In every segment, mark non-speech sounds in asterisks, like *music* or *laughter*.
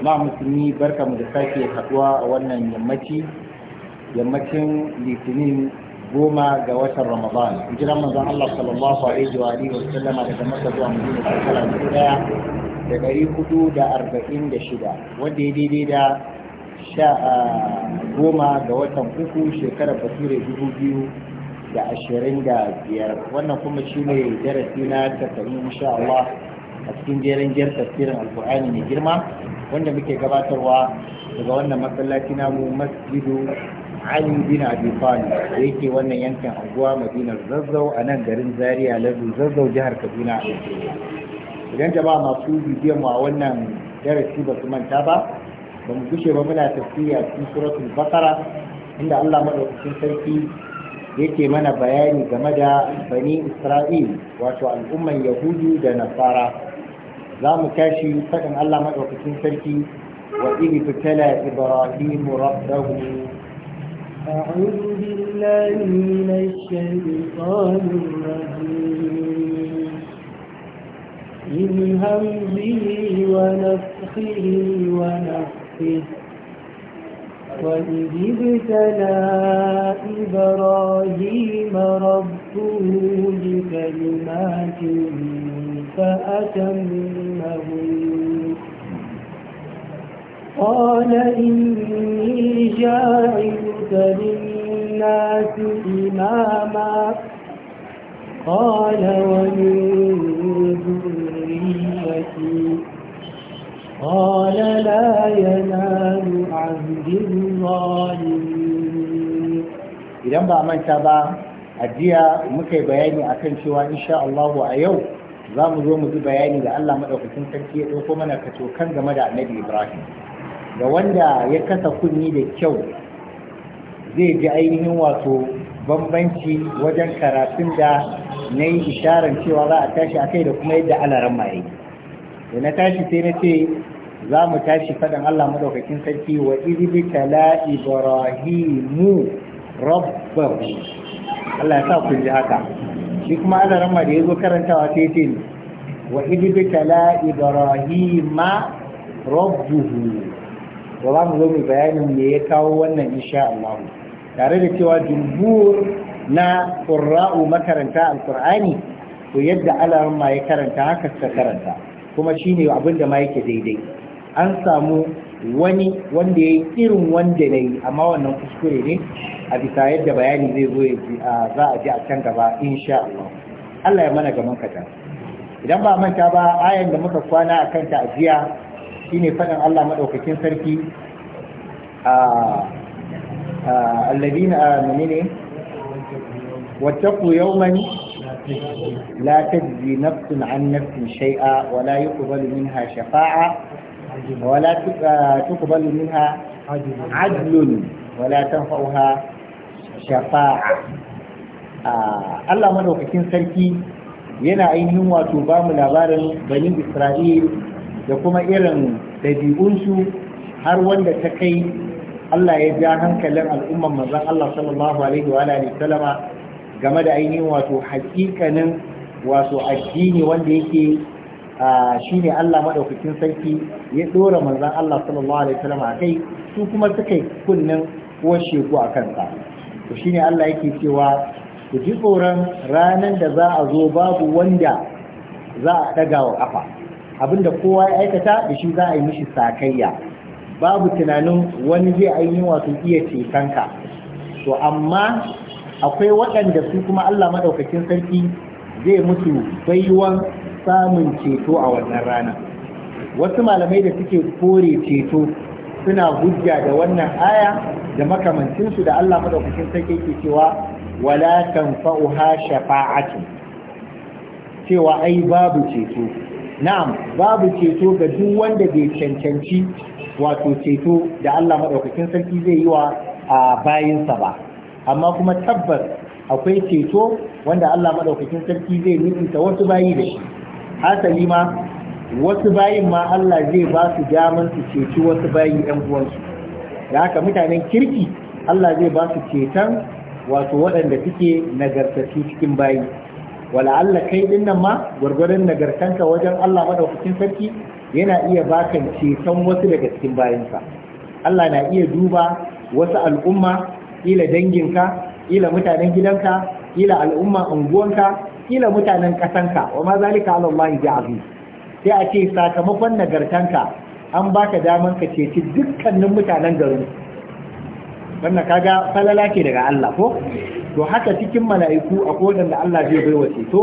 jama'a musulmi barka mu da sake haduwa a wannan yammaci yammacin litinin goma ga watan ramadan hijiran manzon Allah sallallahu alaihi wa alihi wa sallam daga Makka zuwa Madina shekara daya da dari hudu da arba'in da shida wanda ya daidai da sha goma ga watan uku shekarar bature dubu biyu da ashirin da biyar wannan kuma shi ne darasi na tattarin insha Allah a cikin jerin jerin tafsirin alkur'ani mai girma wanda muke gabatarwa daga wannan masallaci namu masjidu Ali bin Abi Talib da yake wannan yankin anguwa Madinar Zazzau a nan garin Zaria Lazu Zazzau jihar Kaduna idan jama'a masu bidiyon mu a wannan darasi ba su manta ba ba mu gushe ba muna tafsiri a cikin suratul Baqara inda Allah madaukakin sarki yake mana bayani game da bani Isra'il wato al'umman Yahudu da Nasara za mu tashi faɗin Allah maɗaukakin sarki wa iri fitala Ibrahim rabbahu أعوذ بالله من الشيطان الرجيم من همزه ونفخه ونفخه وإذ ابتلى إبراهيم ربه بكلمات فأتمهن قال إني جاعلك للناس إماما قال ومن ذريتي قال لا ينال عهد الظالمين إذا ما أمنت ba a jiya muka yi bayani akan cewa insha Allahu a yau za mu zo mu ji bayani da Allah maɗaukakin sarki ya ɗauko mana kan game da annabi Ibrahim ga wanda ya kasa kunni da kyau zai ji ainihin wato bambanci wajen karatun da na yi isharar cewa za a tashi a kai da kuma yadda alaran maye da na tashi sai na ce za mu tashi faɗin Allah maɗaukakin sarki wa izibi tala ibrahimu rabbahu Allah ya sa kun ji haka shi kuma ana ramma da ya zo karantawa sai ce ne wa idbitala ibrahima rabbuhu to mu zo mu bayanin me ya kawo wannan insha Allah tare da cewa jumhur na qurra'u makaranta alqur'ani to yadda alaran ma ya karanta haka suka karanta kuma shine abin da ma yake daidai an samu wani wanda ya yi irin wanda na yi amma wannan kuskure ne a bisa yadda bayani zai zo ya za a ji a can gaba insha Allah Allah ya mana gaban kata idan ba manta ba ayan da muka kwana a kanta a jiya shine faɗin Allah madaukakin sarki a alladina menene wattaqu yawman la tajzi nafsun an nafsin shay'a wa la yuqbalu minha shafa'a ولا تقبل منها عدل ولا تنفعها shafa'a Allah madaukakin sarki yana ainihin wato ba mu labarin banin Isra'il da kuma irin ɗabi'unsu har wanda ta kai Allah ya ja hankalin al'umman manzon Allah sallallahu alaihi wa alihi salama. game da ainihin wato hakikanin wato addini wanda yake shi ne Allah maɗaukakin sarki ya ɗora manzan Allah sallallahu alaihi wasallam a kai su kuma suka yi kunnen washe ku a kansa to shi ne Allah yake cewa ku ji tsoron ranar da za a zo babu wanda za a ɗaga wa ƙafa abinda kowa ya aikata da shi za a yi mishi sakayya babu tunanin wani zai ainihin wasu iya cetonka to amma akwai waɗanda su kuma Allah maɗaukakin sarki zai mutu baiwan samun ceto a wannan rana wasu malamai da suke kore ceto suna hujja da wannan aya da makamancinsu da Allah madaukakin sarki ke cewa wala tanfa'uha shafa'atu cewa ai babu ceto na'am babu ceto ga duk wanda bai cancanci wato ceto da Allah madaukakin sarki zai yi wa a bayinsa ba amma kuma tabbas akwai ceto wanda Allah madaukakin sarki zai nufi wasu bayi da shi hasali ma wasu bayin ma Allah zai ba su daman su ceci wasu bayi ɗan uwansu da haka mutanen kirki Allah zai ba su ceton wato waɗanda suke nagartattu cikin bayi wala Allah kai din nan ma gwargwadon nagartanka wajen Allah madaukakin sarki yana iya baka ceton wasu daga cikin bayansa Allah na iya duba wasu al'umma ila danginka ila mutanen gidanka ila al'umma unguwanka kila mutanen ka wa ma zalika ala Allah bi aziz sai a ce sakamakon nagartanka an baka daman ka ceci dukkanin mutanen garin wannan kaga falala ke daga Allah ko to haka cikin mala'iku akwai waɗanda Allah zai baiwa ceto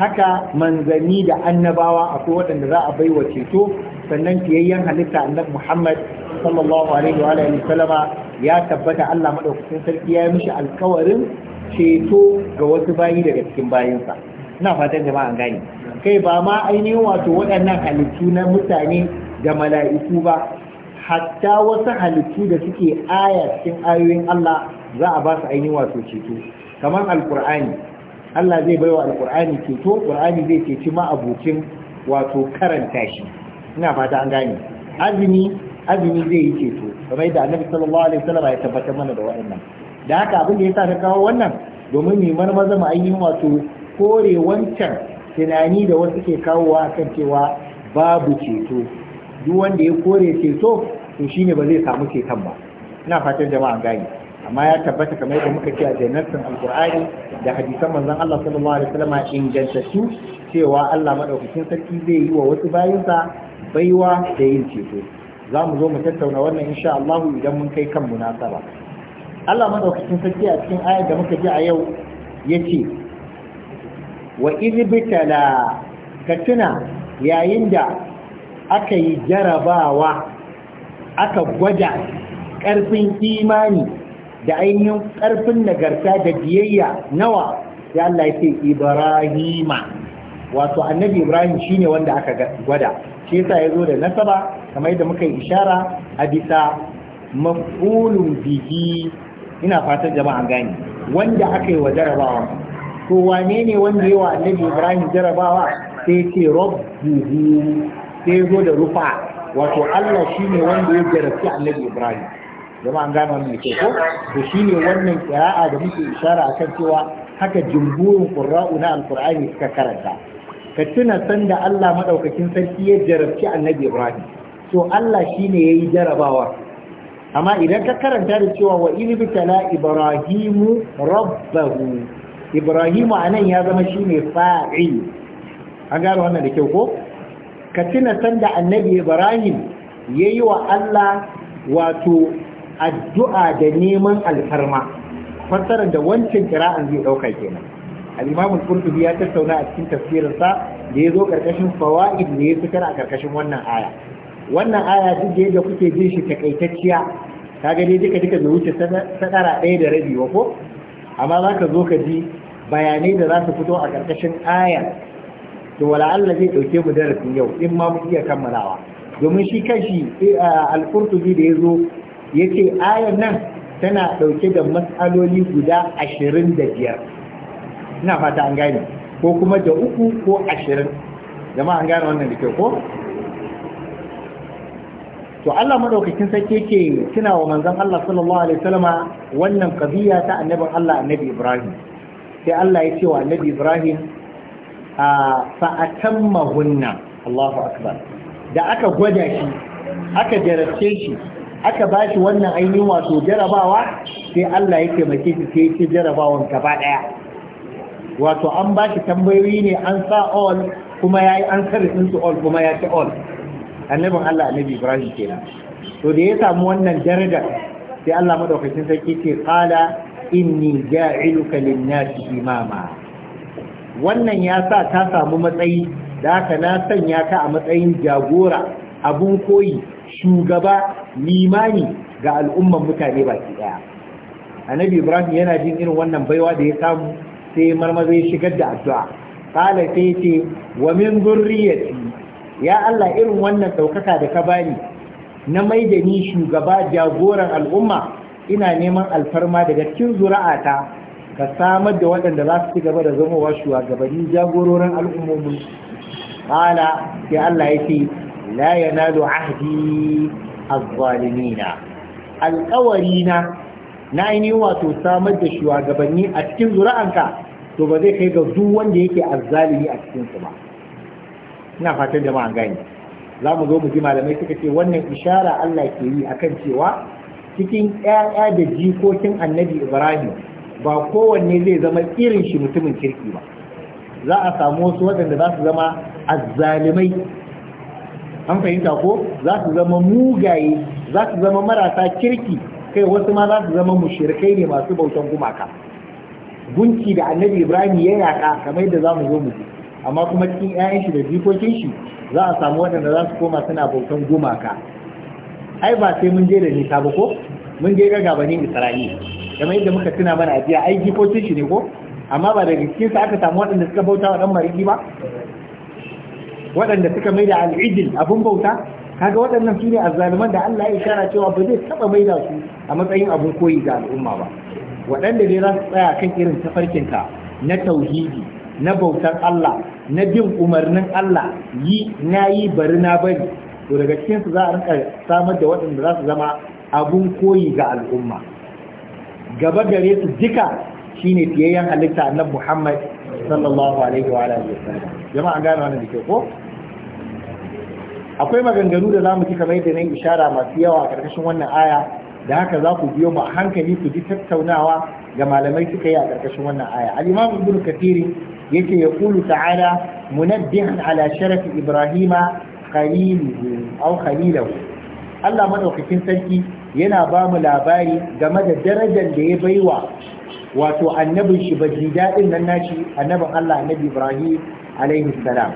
haka manzanni da annabawa akwai waɗanda za a baiwa ceto sannan kiyayyen halitta annabi Muhammad sallallahu alaihi wa alihi sallama ya tabbata Allah madaukakin sarki ya yi mishi alkawarin ceto ga wasu bayi daga cikin bayinsa ina fatan jama'a gani kai ba ma ainihin wato waɗannan halittu na mutane da mala'iku ba hatta wasu halittu da suke aya cikin ayoyin Allah za a ba su ainihin wato ceto kamar alkur'ani Allah zai baiwa alkur'ani ceto qur'ani zai ceci ma'abucin wato karanta shi ina fata an gane azumi azumi zai yi ceto kamar yadda annabi sallallahu alaihi wasallam ya tabbatar mana da waɗannan da haka abin da ya sa ka kawo wannan domin mai marmaza ma ainihin wato kore wancan tunani da wasu ke kawowa kan cewa babu ceto duk wanda ya kore ceto to shine ba zai samu ceton ba ina fatan jama'a gani amma ya tabbata kamar yadda muka ce a jannatin alkur'ani da hadisan manzon Allah sallallahu alaihi wasallam ingantattu cewa Allah madaukakin sarki zai yi wa wasu bayinsa baiwa da yin ceto za mu zo mu tattauna wannan insha Allah idan mun kai kan munasaba Allah madaukakin sarki a cikin ayar da muka ji a yau yace wa izbitala ka tuna yayin da aka yi jarabawa aka gwada ƙarfin imani da ainihin ƙarfin nagarta da biyayya nawa sai Allah ya ce Ibrahima wato annabi Ibrahim shine wanda aka gwada shi yasa yazo da nasaba kamar yadda muka yi ishara a bisa maf'ulun bihi ina fatan jama'a gani wanda aka yi wa jarabawa to wane ne wanda yi wa annabi ibrahim jarabawa sai ce rabbuhu sai zo da rufa wato allah ne wanda ya jarabci annabi ibrahim jama'a gane wannan ke ko to shine wannan kira'a da muke ishara akan cewa haka jumburin qurra'u na alqur'ani suka karanta ka tuna sanda Allah madaukakin sarki ya jarabci annabi ibrahim to Allah shine yayi jarabawa amma idan ka karanta da cewa wa ilbitala ibrahimu rabbahu ibrahimu anan ya zama shine fa'il an gano wannan da kyau ko ka tuna sanda annabi ibrahim yayi wa Allah wato addu'a da neman alfarma fassarar da wancan kira'an zai dauka kenan al-imam al-qurtubi ya tattauna a cikin tafsirinsa da ya zo karkashin fawaid ne ya fitar a karkashin wannan aya wannan aya duk da yadda kuke jin shi takaitacciya ka gani duka duka da wuce sadara ɗaya da rabi wa, ko amma za ka zo ka ji bayanai da za su fito a ƙarƙashin aya to wala Allah zai ɗauke mu darasin yau in ma mu iya kammalawa domin shi kashi eh, al da ya zo ya ce ayar nan tana ɗauke da matsaloli guda ashirin da biyar ina fata an gane ko kuma da uku ko ashirin jama'a an gane wannan da kyau ko to Allah madaukakin sarki yake kina wa manzon Allah sallallahu alaihi wasallama wannan kabiya ta annabi Allah annabi Ibrahim sai Allah ya ce wa annabi Ibrahim a fa hunna Allahu akbar da aka gwada shi aka jarabce shi aka ba shi wannan ainihin wato jarabawa sai Allah ya taimake shi sai ya jarabawan gaba daya wato an ba shi tambayoyi ne an sa all kuma yayi yi an sarrafin su all kuma ya ci all annabin Allah annabi Ibrahim kenan to da ya samu wannan daraja sai Allah madaukakin sarki ce qala inni ja'iluka lin-nasi imama wannan ya sa ka samu matsayi da haka na sanya ka a matsayin jagora abun koyi shugaba limani ga al'umman mutane baki daya annabi Ibrahim yana jin irin wannan baiwa da ya samu sai marmaza ya shigar da addu'a qala sai ce wa min dhurriyyati ya Allah irin wannan ɗaukaka da ka bani na mai da ni shugaba jagoran al'umma ina neman alfarma daga cikin zura'ata, ka samar da waɗanda za su ci gaba da zamowa shugabanni jagororin al'ummomi qala sai Allah ce, la yanalu ahdi az-zalimina alqawarina na ainihin wato samar da shugabanni a cikin zura'anka, to ba zai kai ga duk wanda yake azzalimi a cikin su ba ina fatan da jama'a gani za mu zo mu ji malamai suka ce wannan ishara Allah ke yi akan cewa cikin ƴaƴa da jikokin annabi Ibrahim ba kowanne zai zama irin shi mutumin kirki ba za a samu wasu waɗanda za su zama azzalimai an fahimta ko za su zama mugaye za su zama marasa kirki kai wasu ma za su zama mushirikai ne masu bautan gumaka gunki da annabi ibrahim ya yaka kamar yadda za mu zo mu ji amma kuma cikin 'ya'yan shi da jikokin shi za a samu waɗanda za su koma suna bautan gumaka ai ba sai mun je da nisa ba ko mun je ga gabanin isra'ila kamar yadda muka tuna mana ajiya jiya ai jikokin shi ne ko amma ba daga cikin sa aka samu waɗanda suka bauta wa ɗan mariki ba waɗanda suka mai da al'ijil abin bauta kaga waɗannan su ne azzaluman da Allah ya shara cewa ba zai taɓa mai da su a matsayin abun koyi ga al'umma ba waɗanda dai za su tsaya kan irin tafarkinka na tauhidi na bautar Allah na bin umarnin Allah yi na yi bari na bari to daga cikin su za a rinka samar da waɗanda za su zama abun koyi ga al'umma gaba gare su duka shine fiyayyen halitta annabi Muhammad sallallahu alaihi wa alihi wasallam jama'a gane wannan dake ko akwai maganganu da zamu kika kamar da nayi ishara masu yawa a karkashin wannan aya da haka za ku biyo mu a hankali ku ji tattaunawa ga malamai suka yi a ƙarƙashin wannan aya al-imam ibnu kathiri yace ya kulu ta'ala munaddihan ala sharafi ibrahima khaliluhu aw khalilahu Allah madaukakin sarki yana ba mu labari game da darajar da ya baiwa wato annabin shi baji daɗin nan nashi annabin Allah annabi Ibrahim alaihi salam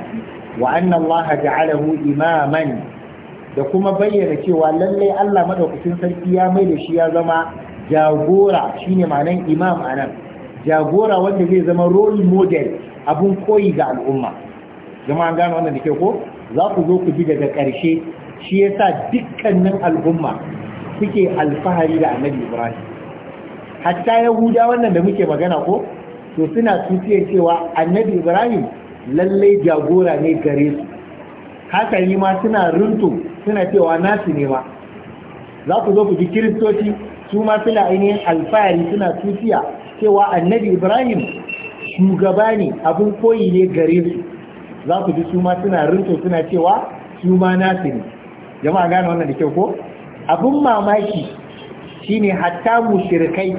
wa anna Allah ja'alahu imaman da kuma bayyana cewa lallai Allah madaukakin sarki ya mai da shi ya zama jagora shine ma'anan imam anan jagora wanda zai zama role model abun koyi ga al'umma an gano wannan da ke ko za ku zo ku bi daga ƙarshe shi ya sa dukkanin al'umma suke alfahari da annabi ibrahim hatta yahuda wannan da muke magana ko to suna tutiyar cewa annabi ibrahim lallai jagora ne gare su haka yi ma suna runtu suna cewa nasu ne ma za ku zo ku ji kiristoci su ma suna ainihin alfahari suna tufiya cewa annabi ibrahim shugaba ne abin koyi ne gare su za ku ji su ma suna rinto suna cewa su ma nasu ne jama'a gane wannan da kyau ko abin mamaki shine hatta mushrikai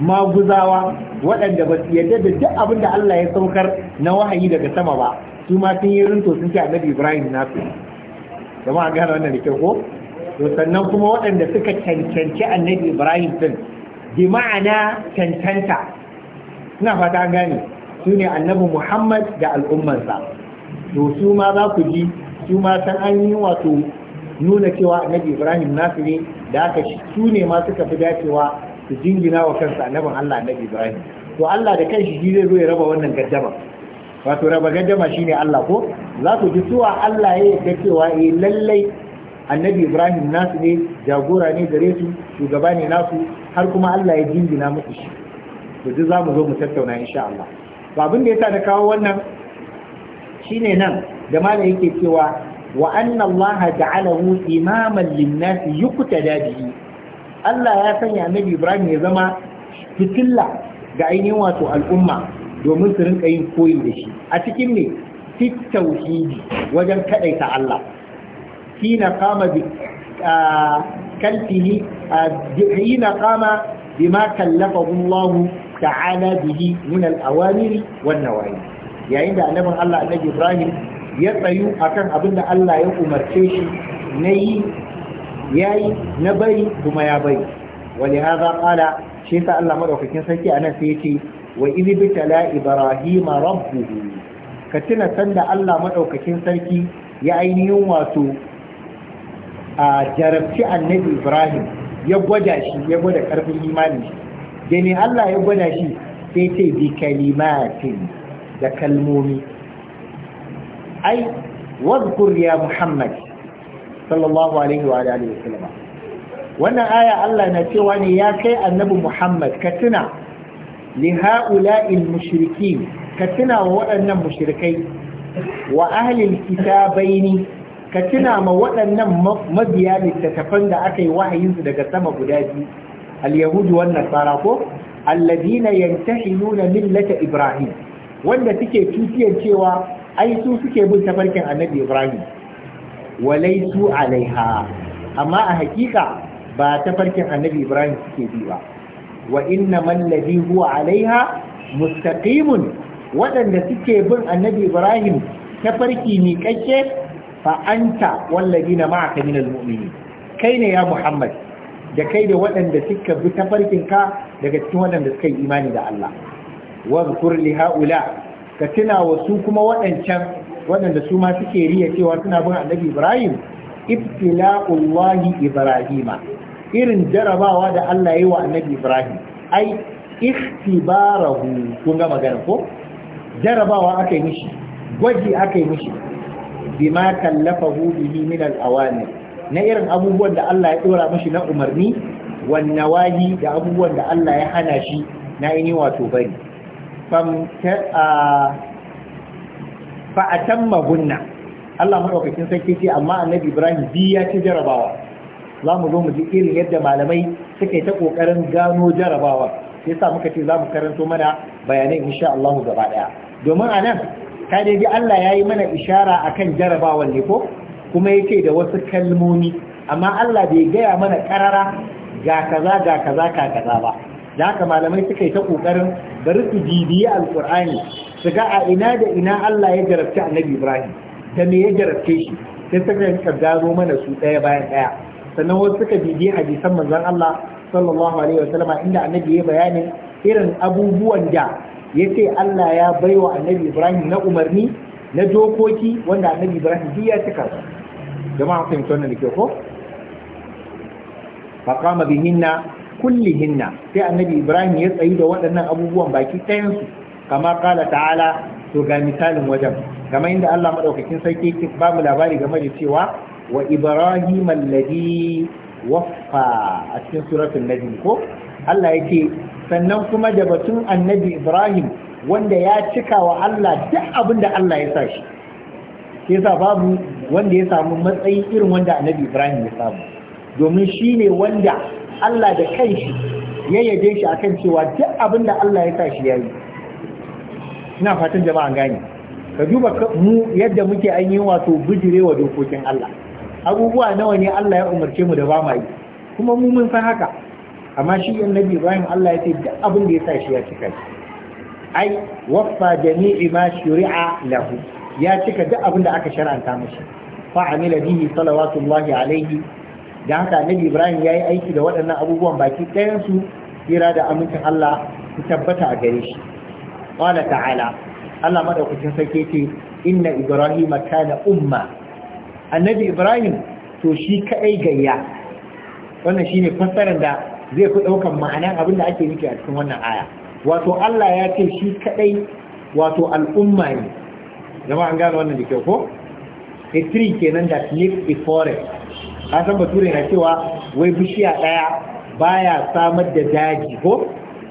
maguzawa waɗanda ba su yarda da duk abin da Allah ya saukar na wahayi daga sama ba su ma sun yi rinto sun ce annabi ibrahim nasu jama'a gane wannan da kyau ko to sannan kuma waɗanda suka cancanci annabi ibrahim din bi ma'ana cancanta ina fata an gane su ne annabi muhammad da al'ummarsa to su ma za ku ji su ma san an yi wato nuna cewa annabi ibrahim nasu ne da aka su ne ma suka fi dacewa su jingina wa kansa annabin allah annabi ibrahim to allah da kanshi shi zai zo ya raba wannan gaddama wato raba gaddama shine allah ko za ku ji suwa allah ya yarda cewa eh lallai annabi ibrahim nasu ne jagora ne gare su shugaba ne nasu har kuma allah ya jingina musu shi to za mu zo mu tattauna insha Allah Ba abin da sa da kawo wannan shine nan da mala yake cewa wa anna allaha ja'alahu imaman lin-nas yuqtada bihi Allah ya sanya annabi ibrahim ya zama fitilla ga ainihin wato al'umma domin su rinka yin koyi da shi a cikin ne fit tauhidi wajen kadaita Allah hina kama bi kalfihi hina kama bima kallafahu ta ta'ala bihi min al-awamiri wan nawahi yayin da annabin Allah annabi Ibrahim ya tsayu akan abin da Allah ya umarce shi na yi yayi na bari kuma ya bari wali hadha qala shi sa Allah madaukakin sarki anan sai yace wa idh bitala ibrahima rabbuhu ka tuna sanda Allah madaukakin sarki ya ainihin wato a jarabci annabi ibrahim ya gwada shi ya gwada karfin imanin shi da allah ya gwada shi sai ce bi kalimatin da kalmomi ai wadkur ya muhammad sallallahu alaihi wa alihi wasallam wannan aya allah na cewa ne ya kai annabi muhammad ka tuna li ha'ula'il mushrikin ka tuna wa waɗannan mushrikai wa ahlil kitabaini ka tuna ma waɗannan mabiya littattafan da aka yi wahayinsu daga sama guda biyu al-yahudu wan nasara ko alladina nuna millata ibrahim wanda suke tutiyar cewa ai su suke bin tafarkin annabi ibrahim walaisu alaiha amma a hakika ba tafarkin annabi ibrahim suke bi ba wa inna man ladhi huwa alaiha mustaqimun waɗanda suke bin annabi ibrahim tafarki ne kake Fa'anta anta na ma'aka minal mu'minin kai ne ya Muhammad da kai da waɗanda suka bi ta ka daga cikin waɗanda suka yi imani da Allah Wanzu zkur haula ka tuna wa su kuma waɗancan waɗanda su ma suke riya cewa suna bin Annabi Ibrahim ibtila'ullahi Ibrahima irin jarabawa da Allah ya yi wa annabi Ibrahim ai ikhtibarahu kun ga magana ko jarabawa aka yi mishi gwaji aka yi mishi bima kallafahu bihi min al-awamir na irin abubuwan da Allah ya dora mashi na umarni wan nawahi da abubuwan da Allah ya hana shi na yini wato bari fam ta fa atamma gunna Allah madaukakin sarki ce amma Annabi Ibrahim bi ya ci jarabawa za mu zo mu ji irin yadda malamai suke ta kokarin gano jarabawa sai sa muka ce za mu karanto mana bayanai insha Allah gaba daya domin anan ka dai Allah ya yi mana ishara akan jarabawan ne ko kuma yake da wasu kalmomi amma Allah bai gaya mana karara ga kaza ga kaza ka kaza ba da haka malamai suka yi ta kokarin bari su bibiyi alqur'ani su ga a ina da ina Allah ya jarabci annabi Ibrahim da me ya jarabce shi sai suka gano mana su ɗaya bayan ɗaya sannan wasu suka bibiyi hadisan manzon Allah sallallahu alaihi wasallama inda annabi ya bayanin irin abubuwan da ya ce Allah ya bai wa annabi Ibrahim na umarni na dokoki wanda annabi Ibrahim duk ya cika su jama'a kun tona da ke ko faqama bihinna kullihinna sai annabi Ibrahim ya tsayi da waɗannan abubuwan baki ɗayan su kama kala ta'ala to ga misalin wajen kamar inda Allah madaukakin sarki yake ba mu labari game da cewa wa Ibrahim alladhi waffa a cikin suratul najm ko Allah yake sannan kuma da batun annabi ibrahim wanda ya cika wa allah duk abin da allah ya sa shi yasa babu wanda ya samu matsayi irin wanda annabi ibrahim ya samu domin shi ne wanda allah da shi ya yaje shi akan cewa duk abin da allah ya sa shi ya yi ina fatan jama'a gane ka duba mu yadda muke ainihin wato wa dokokin allah abubuwa nawa ne allah ya umarce mu da ba mu yi kuma mu mun san haka amma shi Nabi Ibrahim Allah ya ce duk abin da ya sa shi ya cika shi ai waffa jami'i ma shuri'a lahu ya cika duk abin da aka shar'anta mashi fa amila bihi salawatullahi alaihi da haka annabi Ibrahim yi aiki da waɗannan abubuwan baki ɗayan su tsira da amincin Allah su tabbata a gare shi qala ta'ala Allah madaukakin sarki ce inna Ibrahim kana umma annabi Ibrahim to shi kaɗai gayya wannan shine fassarar da zai fi ɗaukan ma'anan abin da ake nufi a cikin wannan aya wato Allah ya ce shi kaɗai wato al'umma ne Zama an gane wannan da kyau ko a tree kenan that lives a forest ka san bature na cewa wai bishiya ɗaya baya samar da daji ko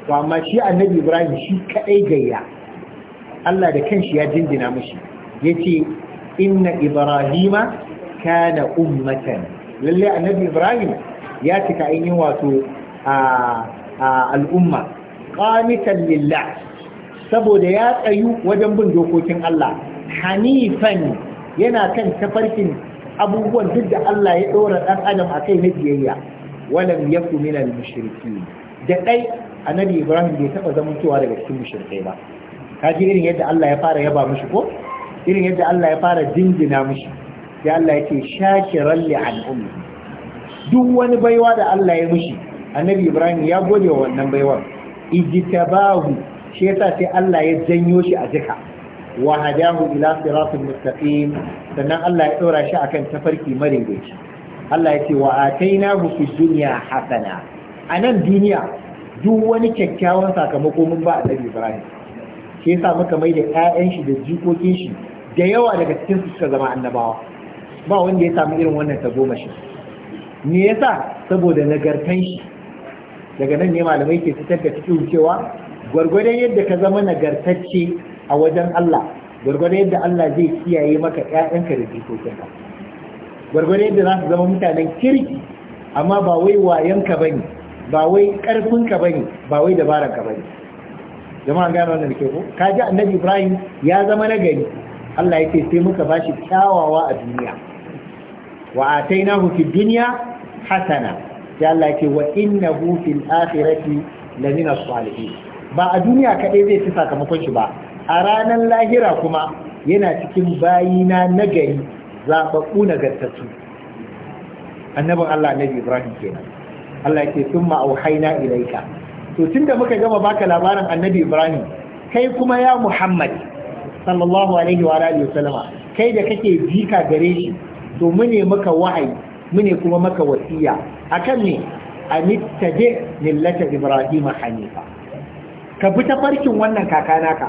to amma shi annabi ibrahim shi kaɗai gayya Allah da kanshi ya jinjina mishi yace inna ibrahima kana ummatan Lallai, annabi ibrahim ya cika ainihin wato al'umma qanitan lillah saboda ya tsayu wajen bin dokokin Allah hanifan yana kan tafarkin abubuwan duk da Allah ya ɗora ɗan adam a kai na biyayya walam yaku min al mushriki da ɗai, annabi Ibrahim bai taɓa zamantowa daga cikin mushrikai ba ji irin yadda Allah ya fara yaba mushi ko irin yadda Allah ya fara jinjina mushi sai Allah ya ce shakiran li ummi duk wani baiwa da Allah ya mushi annabi ibrahim ya gode wa wannan baiwar ijtabahu shi yasa sai Allah ya janyo shi a jika wa hadahu ila siratul mustaqim sannan Allah ya dora shi akan tafarki madaidaici Allah ya ce wa atainahu fid dunya hasana a nan duniya duk wani kyakkyawan sakamako mun ba annabi ibrahim shi yasa muka mai da ƴaƴan shi da jikokin shi da yawa daga cikin su suka zama annabawa ba wanda ya samu irin wannan tagomashi me yasa saboda nagartan shi daga nan ne malamai ke fitar da cikin cewa gwargwadon yadda ka zama nagartacce a wajen Allah gwargwadon yadda Allah zai kiyaye maka ƴaƴanka da jikokinka gwargwadon yadda za su zama mutanen kirki amma ba wai ka bane ba wai ka bane ba wai ka bane jama'a gano wannan ke ko ji annabi Ibrahim ya zama nagari Allah yake sai muka bashi kyawawa a duniya wa atainahu fid dunya hasana sai Allah yake wa innahu fil akhirati lamina salihin ba a duniya kadai zai ci sakamakon shi ba a ranar lahira kuma yana cikin bayina nagari zababbu nagartattu annabin Allah annabi Ibrahim kenan Allah yake summa auhayna ilaika to tunda muka gama baka labarin annabi Ibrahim kai kuma ya Muhammad sallallahu alaihi wa alihi wasallama kai da kake jika gare shi to mune maka wahayi mune kuma maka wasiya akan ne an ittabi millata ibrahim hanifa ka bi tafarkin wannan kaka naka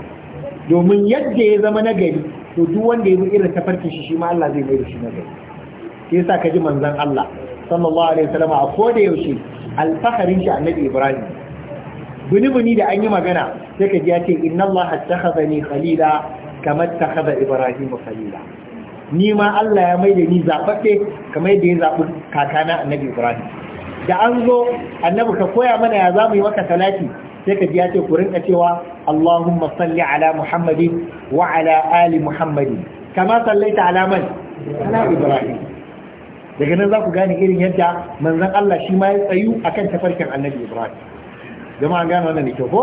domin yadda ya zama na gari to duk wanda ya bi irin tafarkin shi shi ma Allah zai mai shi shi nagari sai yasa ka ji manzon Allah sallallahu alaihi wasallam a koda yaushe alfaharin shi annabi ibrahim buni-buni da an yi magana sai ka ji ya ce inna Allah takhazani khalila kamar takhadha ibrahim khalila ni ma Allah ya mai da ni zaɓaɓɓe kamar yadda ya zaɓi kakana annabi Ibrahim da an zo annabi ka koya mana ya za mu yi maka salati sai ka biya ya ce ku rinka cewa Allahumma salli ala Muhammadin wa ala ali Muhammadin kama sallaita ala man ala Ibrahim daga nan za ku gane irin yadda manzon Allah shi ma ya tsayu akan tafarkin annabi Ibrahim jama'an gane wannan da kyau ko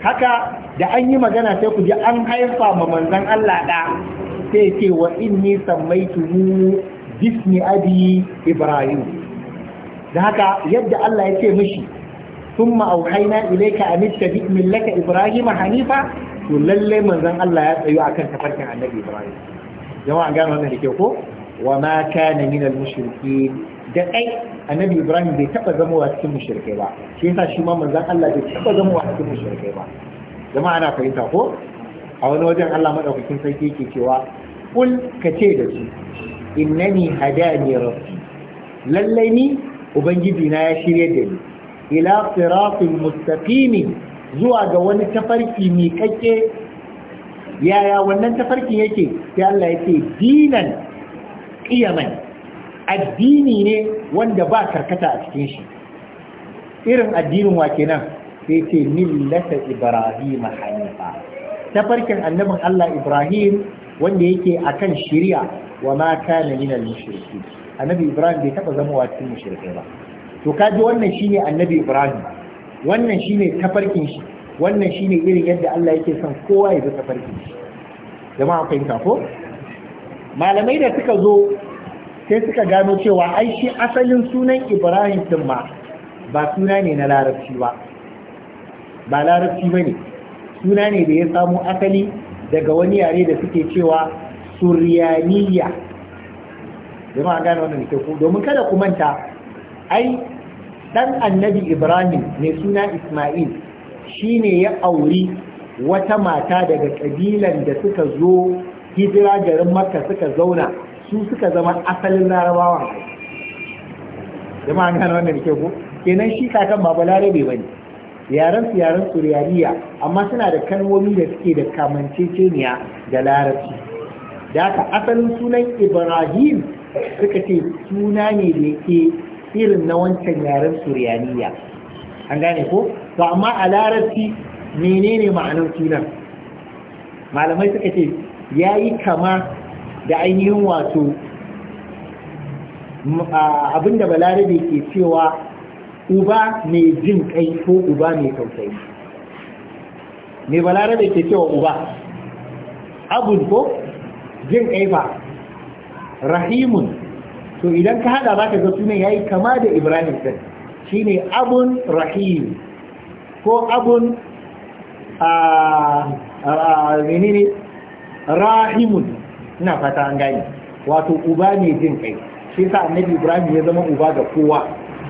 haka da an yi magana sai ku ji an haifa ma manzon Allah ɗa sai ce wa inni sammaitu mu jismi abi ibrahim da haka yadda Allah ya ce mishi sun ma'aukaina ilaika a nita bi millaka ibrahim hanifa to lalle manzan Allah ya tsayo akan tafarkin annabi ibrahim jama'a gano wannan da ke ko wa ma kana min al mushrikin da kai annabi ibrahim bai taba zama wa cikin mushrikai ba shi yasa shi ma manzan Allah bai taba zama wa cikin mushrikai ba jama'a na fahimta ko a wani wajen Allah madaukakin sarki yake cewa kul ka ce da su innani hadani rabbi lallai ni ubangiji na ya shirye da ni ila siratin mustaqim zuwa ga wani tafarki mai kakke yaya wannan tafarkin yake sai Allah yake dinan qiyaman addini ne wanda ba karkata a cikin shi irin addinin wa kenan sai ce millata ibrahim hanifa tafarkin annabin Allah Ibrahim wanda yake a kan shiriya wa ma kana min al annabi Ibrahim bai taɓa zama wa cikin mushrikai ba to kaji wannan shine annabi Ibrahim wannan shine tafarkin shi wannan shine irin yadda Allah yake son kowa ya bi tafarkin shi jama'a fahimta ko malamai da suka zo sai suka gano cewa ai shi asalin sunan Ibrahim din ma ba suna ne na larabci ba ba larabci bane suna ne da ya samo asali daga wani yare da suke cewa suryaniya jama'a gane wannan ke ku domin kada ku manta ai dan annabi ibrahim mai suna isma'il shi ne ya auri wata mata daga kabilan da suka zo hijira garin makka suka zauna su suka zama asalin larabawa jama'a gane wannan ke ku kenan shi kakan babu larabe bane yaren su yaren suriyaniya amma suna da kalmomi da suke da kamanceceniya da larabci da aka asalin sunan ibrahim suka ce suna ne da yake irin na wancan yaren suriyaniya an gane ko to amma a larabci menene ma'anar sunan malamai suka ce ya yi kama da ainihin wato abinda balarabe ke cewa uba mai jin kai ko uba mai tausayi me da ke cewa uba abun ko jin kai ba rahimun to idan ka hada zaka ga sunan yayi kama da ibrahim din shine abun rahim ko abun a menene rahimun ina fata an gane wato uba ne jin kai shi sa annabi ibrahim ya zama uba ga kowa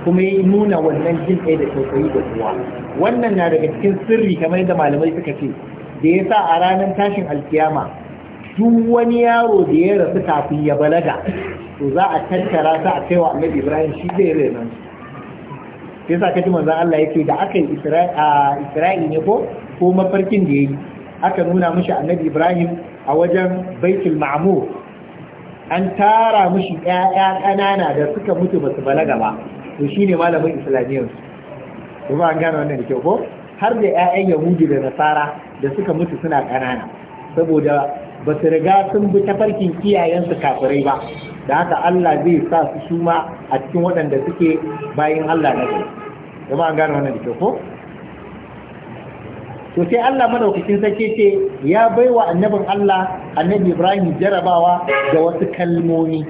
kuma ya nuna wannan jin ɗaya da tausayi da kowa wannan na daga cikin sirri kamar yadda malamai suka ce da ya sa a ranar tashin alkiyama duk wani yaro da ya rasu kafin ya balaga to za a tattara ta a kaiwa annabi ibrahim shi zai renon shi yasa kaji manzon Allah yake da aka yi isra'i ne ko ko mafarkin da yayi aka nuna mishi annabi ibrahim a wajen baitul ma'mur an tara mishi ƴaƴa ƙanana da suka mutu basu balaga ba to ne malamin islamiyyar su ba an gane wannan da kyau ko har da 'ya'yan yahudi da nasara da suka mutu suna ƙanana saboda ba su riga sun bi tafarkin kiyayensu kafirai ba da haka Allah zai sa su suma a cikin waɗanda suke bayan Allah na gari ba an gane wannan da kyau ko to sai Allah madaukakin sarki ce ya baiwa annabin Allah annabi Ibrahim jarabawa da wasu kalmomi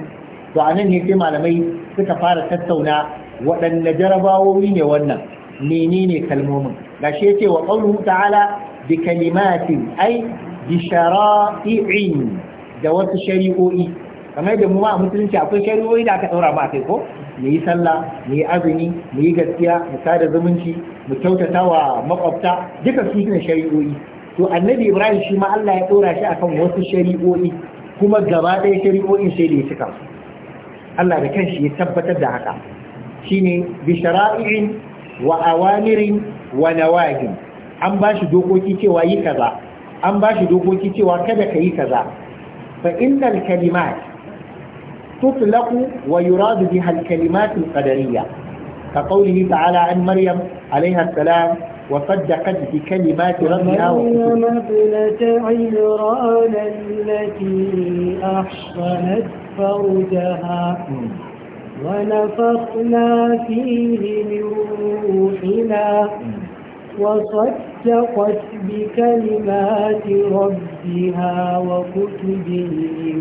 to a nan ne sai malamai suka fara tattauna waɗanne jarabawoyi ne wannan menene kalmomin gashi ce wa qawluhu ta'ala bi kalimatin ai bi shara'i'in da wasu shari'o'i kamar da mu ma musulunci akwai shari'o'i da aka ɗaura ma akai ko mu yi sallah mu yi azumi mu yi gaskiya mu sada zumunci mu kyautata wa makwabta duka su ne shari'o'i to annabi ibrahim shi ma Allah ya ɗora shi akan wasu shari'o'i kuma gaba ɗaya shari'o'in sai da ya cika Allah da kanshi ya tabbatar da haka shine bi shara'i'in wa awamirin wa nawahi an ba shi dokoki cewa yi kaza an ba shi dokoki cewa kada ka yi kaza fa innal kalimat tutlaqu wa yuradu biha al kalimat al qadariyya ka qawlihi ta'ala an maryam alayha salam وصدقت بكلمات ربها مريم ابنة عمران التي أحصنت فرجها ونفخنا فيه من روحنا وصدقت بكلمات ربها وكتبه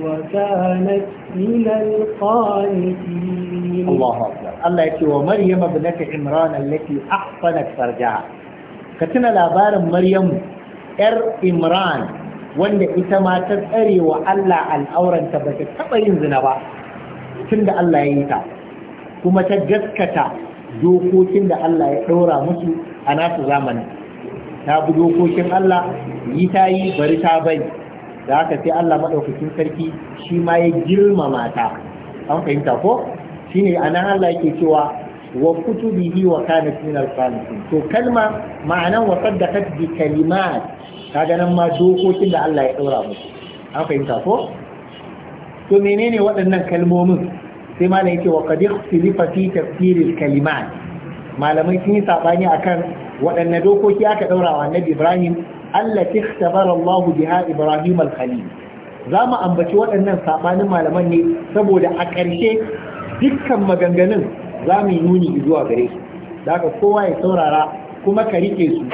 وكانت من القانتين الله أكبر الله يكي ومريم ابنة عمران التي أحصنت فرجها كتنا لابار مريم ار عمران wanda ita ma ta tsare wa Allah al'auranta ba ta taɓa yin zina ba tun da Allah ya yi ta kuma ta gaskata dokokin da Allah ya ɗora musu a nasu zamanin ta bi dokokin Allah yi ta yi bari ta bai da haka sai Allah maɗaukakin sarki shi ma ya girmama ta an fahimta ko shine nan Allah yake cewa wa kutu bihi wa kane min al to kalma ma'anan wa saddaqat bi kalimat kaga nan ma dokokin da Allah ya ɗora musu an fahimta ko to menene waɗannan kalmomin sai malam yake wa qad ikhtilifa fi tafsiril kalimat malamai sun yi sabani akan waɗanne dokoki aka daura wa annabi Ibrahim allati ikhtabara Allah biha Ibrahim al-Khalil za mu ambaci waɗannan sabanin malaman ne saboda a ƙarshe dukkan maganganun za mu yi nuni zuwa gare su da haka kowa ya saurara kuma ka rike su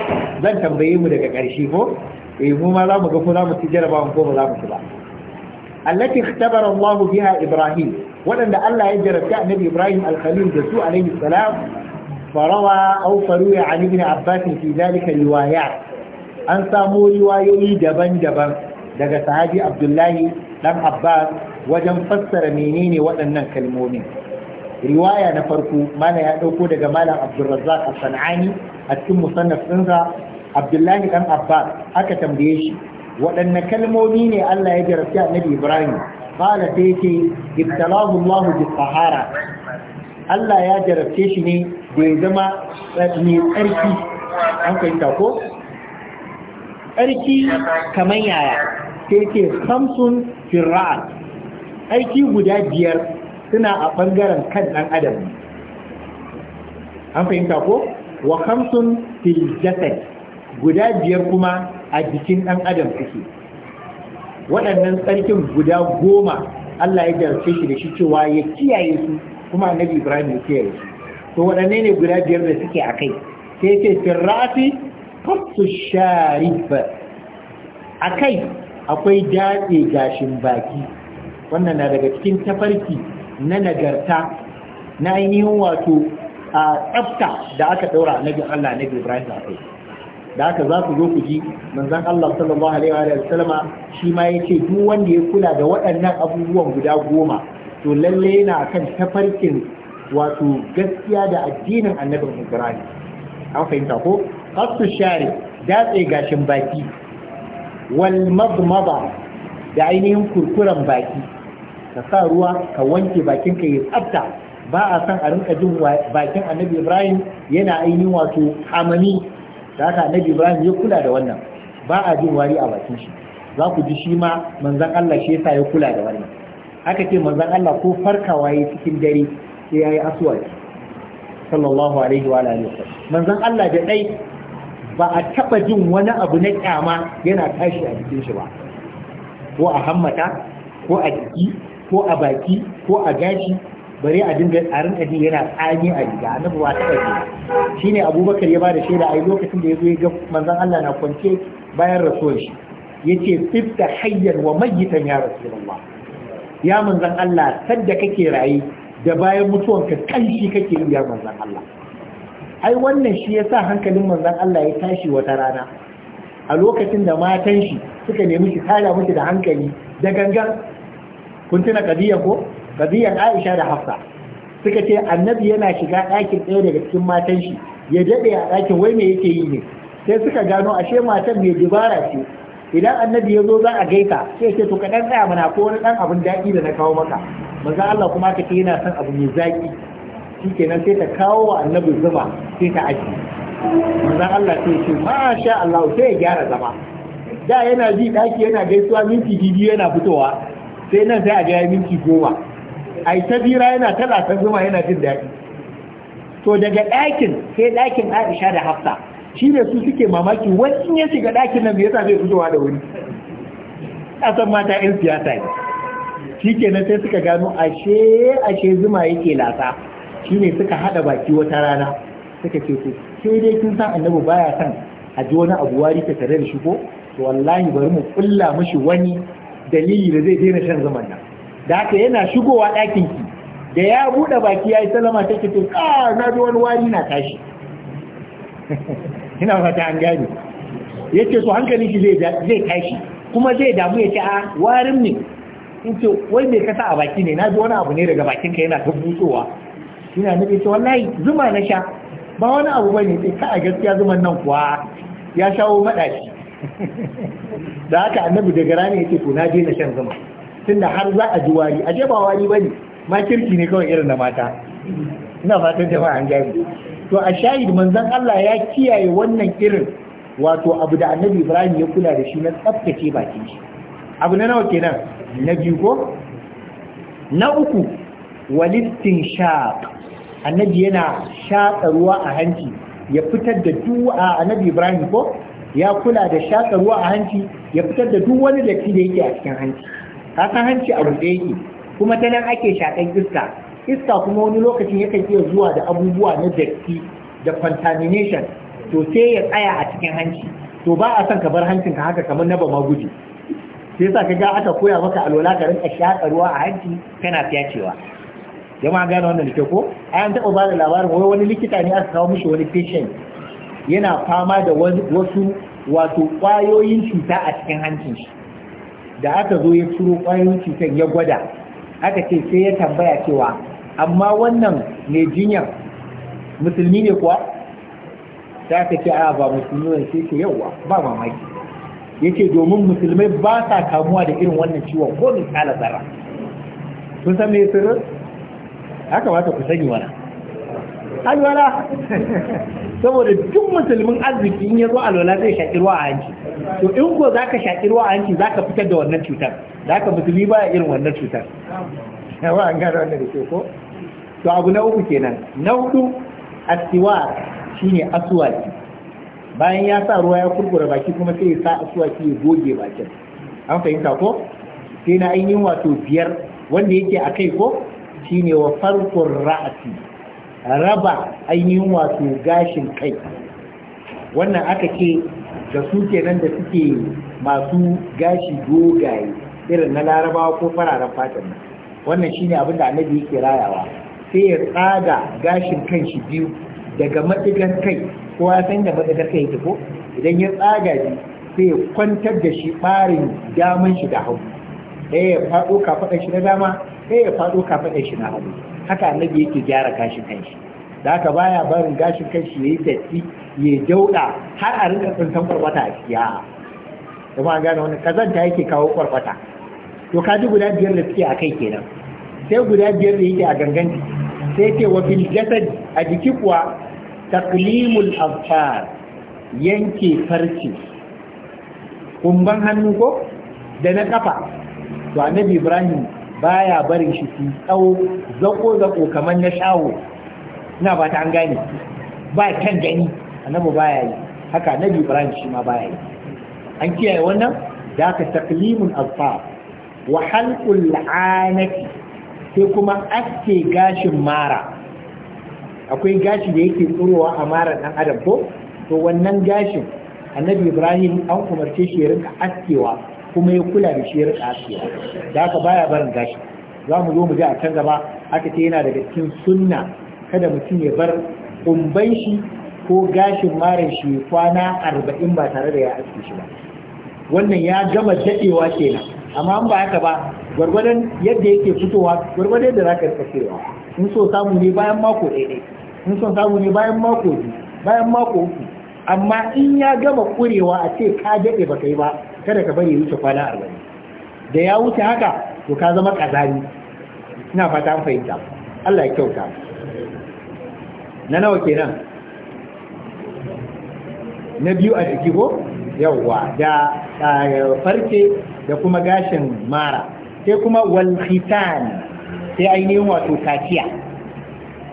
zan tambaye mu daga ƙarshe ko eh mu ma za mu ga ko za mu ci jarabawan ko ba za mu ci ba allati ikhtabara Allah biha Ibrahim waɗanda Allah ya jarabta annabi Ibrahim al-Khalil da su alaihi salam farawa aw faruya an ibn Abbas fi riwaya. riwayat an samu riwayoyi daban-daban daga sahabi Abdullahi dan Abbas wajen fassara menene waɗannan kalmomin riwaya na farko mana ya ɗauko daga malam abdulrazzaq a sanani a cikin musannaf ɗinsa abdullahi Ɗan abbas aka tambaye shi waɗanne kalmomi ne Allah ya jarabta annabi Ibrahim qala sai yace ibtalahu Allah bi sahara Allah ya jarabce shi ne da ya zama mai tsarki an fahimta ko tsarki kamar yaya sai ce samsun firra'a aiki guda biyar suna a bangaren kan ɗan adam an fahimta ko wa khamsun fil jasad guda biyar kuma a jikin ɗan adam suke waɗannan tsarkin guda goma Allah ya jarce shi da shi cewa ya kiyaye su kuma annabi Ibrahim ya kiyaye su to waɗanne ne guda biyar da suke a kai sai ce firafi fasu sharif a kai akwai datse gashin baki wannan na daga cikin tafarki na nagarta na ainihin wato a tsafta da aka ɗaura annabi Allah annabi Ibrahim a kai da haka za ku zo ku ji manzon Allah sallallahu alaihi wa sallama shi ma yace duk wanda ya kula da waɗannan abubuwan guda goma to lalle yana kan tafarkin wato gaskiya da addinin annabin Ibrahim an fahimta ko qasu share datse gashin baki wal madmada da ainihin kurkuren baki ka sa ruwa ka wanke bakinka ya tsafta ba a san a rinka jin bakin annabi ibrahim yana ainihin wato hamami da haka annabi ibrahim ya kula da wannan ba a jin wari a bakin shi za ku ji shi ma manzon Allah shi yasa ya kula da wannan haka ce manzon Allah ko farkawa yayi cikin dare sai yayi aswaki sallallahu alaihi wa alihi wasallam manzon Allah da dai ba a taba jin wani abu na kyama yana tashi a cikin shi ba ko a hammata ko a jiki ko a baki ko a gashi Bari a dinga a rinka ji yana tsami a riga annabi ba ta ji shine abubakar ya bada shaida ai lokacin da yazo ya ga manzon Allah na kwance bayan rasuwar shi yace sifta hayyan wa mayyitan ya rasulullah ya manzon Allah sanda kake rayi da bayan mutuwan ka kanshi kake yi ya manzon Allah ai wannan shi yasa hankalin manzon Allah ya tashi wata rana a lokacin da matan shi suka nemi shi tara miki da hankali da gangan kun tuna kadiya ko kadiyar Aisha da Hafsa suka ce annabi yana shiga ɗakin ɗaya daga cikin matan shi ya daɗe a ɗakin wai me yake yi ne sai suka gano ashe matan mai dibara ce idan annabi ya zo za a gaita sai ce to ka ɗan tsaya mana ko wani ɗan abin daɗi da na kawo maka Maza Allah kuma ka ce yana son abu mai zaki kenan sai ta kawo wa annabi zuma sai ta aji Maza Allah sai ce masha Allah sai ya gyara zama da yana ji ɗaki yana gaisuwa minti biyu yana fitowa sai nan sai a ga minti goma ai ta bira yana ta zuma yana jin daɗi to daga ɗakin sai ɗakin aisha da hafsa shi ne su suke mamaki wani ya shiga ɗakin nan me yasa zai fitowa da wuri san mata 'yan siyasa ne shi kenan sai suka gano ashe ashe zuma yake lasa shi ne suka haɗa baki wata rana suka ce ku sai dai kin san annabi baya san a ji wani abu wari ta tare da shi ko to wallahi bari mu kulla mishi wani dalili da zai daina shan zuman nan da haka yana shigowa ɗakin ki da ya buɗe baki ya yi salama ta ce to a ah, na ji wani wari na tashi *laughs* ina fata an gane ya ce su hankalin shi zai tashi kuma zai damu ya ce a ah, warin ne in ce wai mai kasa a baki ne na ji wani abu ne daga bakin ka yana ta busowa ina nufi ce wallahi zuma na sha ba wani abu bane sai ka a gaskiya zuman nan kuwa ya shawo madashi *laughs* da haka annabi daga rana ce to na je na shan zuma tunda har za a ji wari a ba wari ne, ma kirki ne kawai irin na mata ina fatan jama'a an gani to a shahid manzon Allah ya kiyaye wannan irin wato abu da annabi Ibrahim ya kula da shi na tsaftace bakin shi abu na nawa kenan na biyu ko na uku walittin shaq annabi yana shaƙa ruwa a hanci ya fitar da duk annabi Ibrahim ko ya kula da shaƙa ruwa a hanci ya fitar da duk wani datti da yake a cikin hanci ka san hanci a rufe yake kuma ta nan ake shaɗan iska iska kuma wani lokacin yakan iya zuwa da abubuwa na datti da contamination to sai ya tsaya a cikin hanci to ba a son ka bar hancin ka haka kamar na bama guji sai sa ka ga aka koya maka alwala ka rinka shaka ruwa a hanci kana fyacewa jama'a gane wannan ke ko a an taɓa ba da labarin wai wani likita ne aka kawo mishi wani patient yana fama da wasu wato ƙwayoyin cuta a cikin hancin shi da aka zo ya ciro ƙwayoyin cutar ya gwada aka ce sai ya tambaya cewa amma wannan ne jinyar musulmi ne kuwa ta aka ce a ba musulmi ne sai ce yauwa ba mamaki yace domin musulmai ba sa kamuwa da irin wannan ciwon ko misala zarra kun san me sirrin haka ba ku sani wannan alwala *laughs* saboda duk musulmin arziki in ya zo alwala zai shaƙi ruwa a hanci to in ko za ka shaƙi ruwa a hanci za ka fitar da wannan cutar za ka musulmi ba ya irin wannan cutar yawa an gano wannan da ke ko to abu na uku kenan na hudu asiwa shine asuwaki bayan ya sa ruwa ya kurkura baki kuma sai ya sa asuwaki ya goge bakin an fahimta ko sai na ainihin wato biyar wanda yake a kai ko shine wa farkon ra'asi raba ainihin wasu gashin kai wannan aka ce da su kenan da suke masu gashi dogaye irin na larabawa ko fararen fatan nan wannan shine abin da annabi yake rayawa sai ya tsaga gashin kan shi biyu daga matsigar kai ko ya san da matsigar kai yake ko idan ya tsaga shi sai ya kwantar da shi barin daman shi da hau ɗaya ya faɗo kafaɗar shi na dama ɗaya ya faɗo kafaɗar shi na hau haka annabi yake gyara gashin kanshi da haka baya barin gashin kanshi yayi datti ya dauda har a rinka tsintan kwarkwata a ciki Da kuma an gane wannan kazanta yake kawo kwarkwata to ka ji guda biyar da suke a kai kenan sai guda biyar da yake a gangan sai ce wa fil jasad a jiki kuwa taqlimul afar yanke farce kumban hannu ko da na kafa to annabi ibrahim baya barin shi su tsawo zako zako kamar na shawo ina ba ta an gane ba kan gani annabi baya yi haka annabi ibrahim shi ma baya yi an kiyaye wannan da ka taklimun alfa wa halqul sai kuma aske gashin mara akwai gashi da yake tsurowa a mara dan adam ko to wannan gashin annabi ibrahim an umarce shi ya rinka askewa kuma ya kula da shi ya rika asiya da aka baya barin gashi za mu zo mu ji a can gaba aka ce yana daga cikin sunna kada mutum ya bar kumban shi ko gashin mara shi kwana arba'in ba tare da ya aske shi ba wannan ya gama daɗewa kenan amma an ba haka ba gwargwadon yadda yake fitowa gwargwadon da za ka in so samu ne bayan mako ɗaya in so samu ne bayan mako biyu bayan mako uku amma in ya gama ƙurewa a ce ka daɗe ba kai ba kada ka bari wuce kwana arba'in da ya wuce haka to ka zama kazani ina fata an fahimta Allah ya kyauta na nawa kenan na biyu a jiki ko yawwa da farce da kuma gashin mara sai kuma wal khitan sai ainihin wato kaciya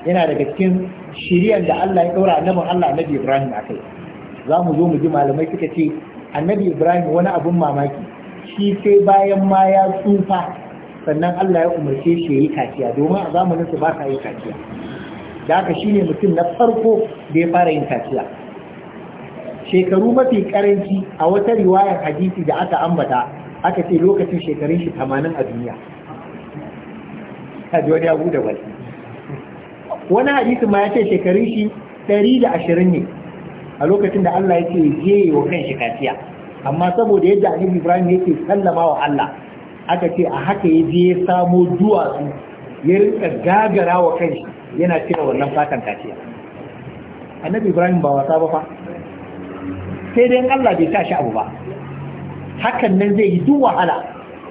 yana daga cikin shiriyar da Allah ya ɗora annabin Allah annabi Ibrahim akai za mu zo mu ji malamai suka ce annabi ibrahim wani abun mamaki shi sai bayan ma ya tsufa sannan allah ya umarce shi ya yi kaciya domin a zamanin su ba ka yi kaciya da haka shine mutum na farko da ya fara yin kaciya shekaru mafi karanci a wata riwayar hadisi da aka ambata aka ce lokacin shekarun shi tamanin a duniya wani hadisi ma ya ce shekarun shi ɗari da ashirin ne a lokacin da Allah yake je wa kanshi kaciya amma saboda yadda annabi Ibrahim yake sallama wa Allah aka ce a haka ya je ya samo duwatsu ya rinka gagara wa kanshi yana cire wannan fatan kaciya annabi Ibrahim ba wasa ba fa sai dai Allah bai tashi abu ba hakan nan zai yi duk wahala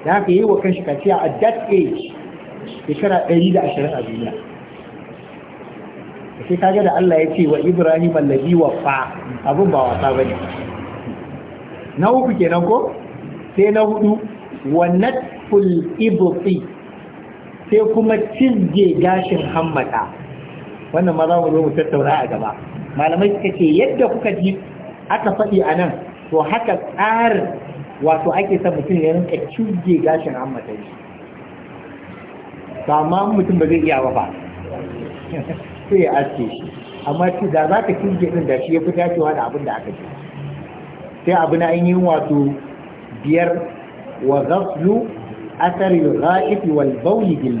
da haka yi wa kanshi kaciya a that age shekara 120 a duniya sai kaga da Allah ya ce wa Ibrahim alladhi waffa abun ba wasa bane na uku kenan ko sai na hudu wa natful ibti sai kuma cizge gashin hammata wannan ma za mu zo mu tattauna a gaba malamai suka ce yadda kuka ji aka faɗi a nan to haka tsarin wato ake sa mutum ya rinka cizge gashin hammata shi ba ma mutum ba zai iya ba sai ya aske shi amma ci da za ka kinje din da shi ya fi dacewa da abin da aka ce sai abu na ainihin wato biyar wa ghaslu asari ra'ifi wal bawli bil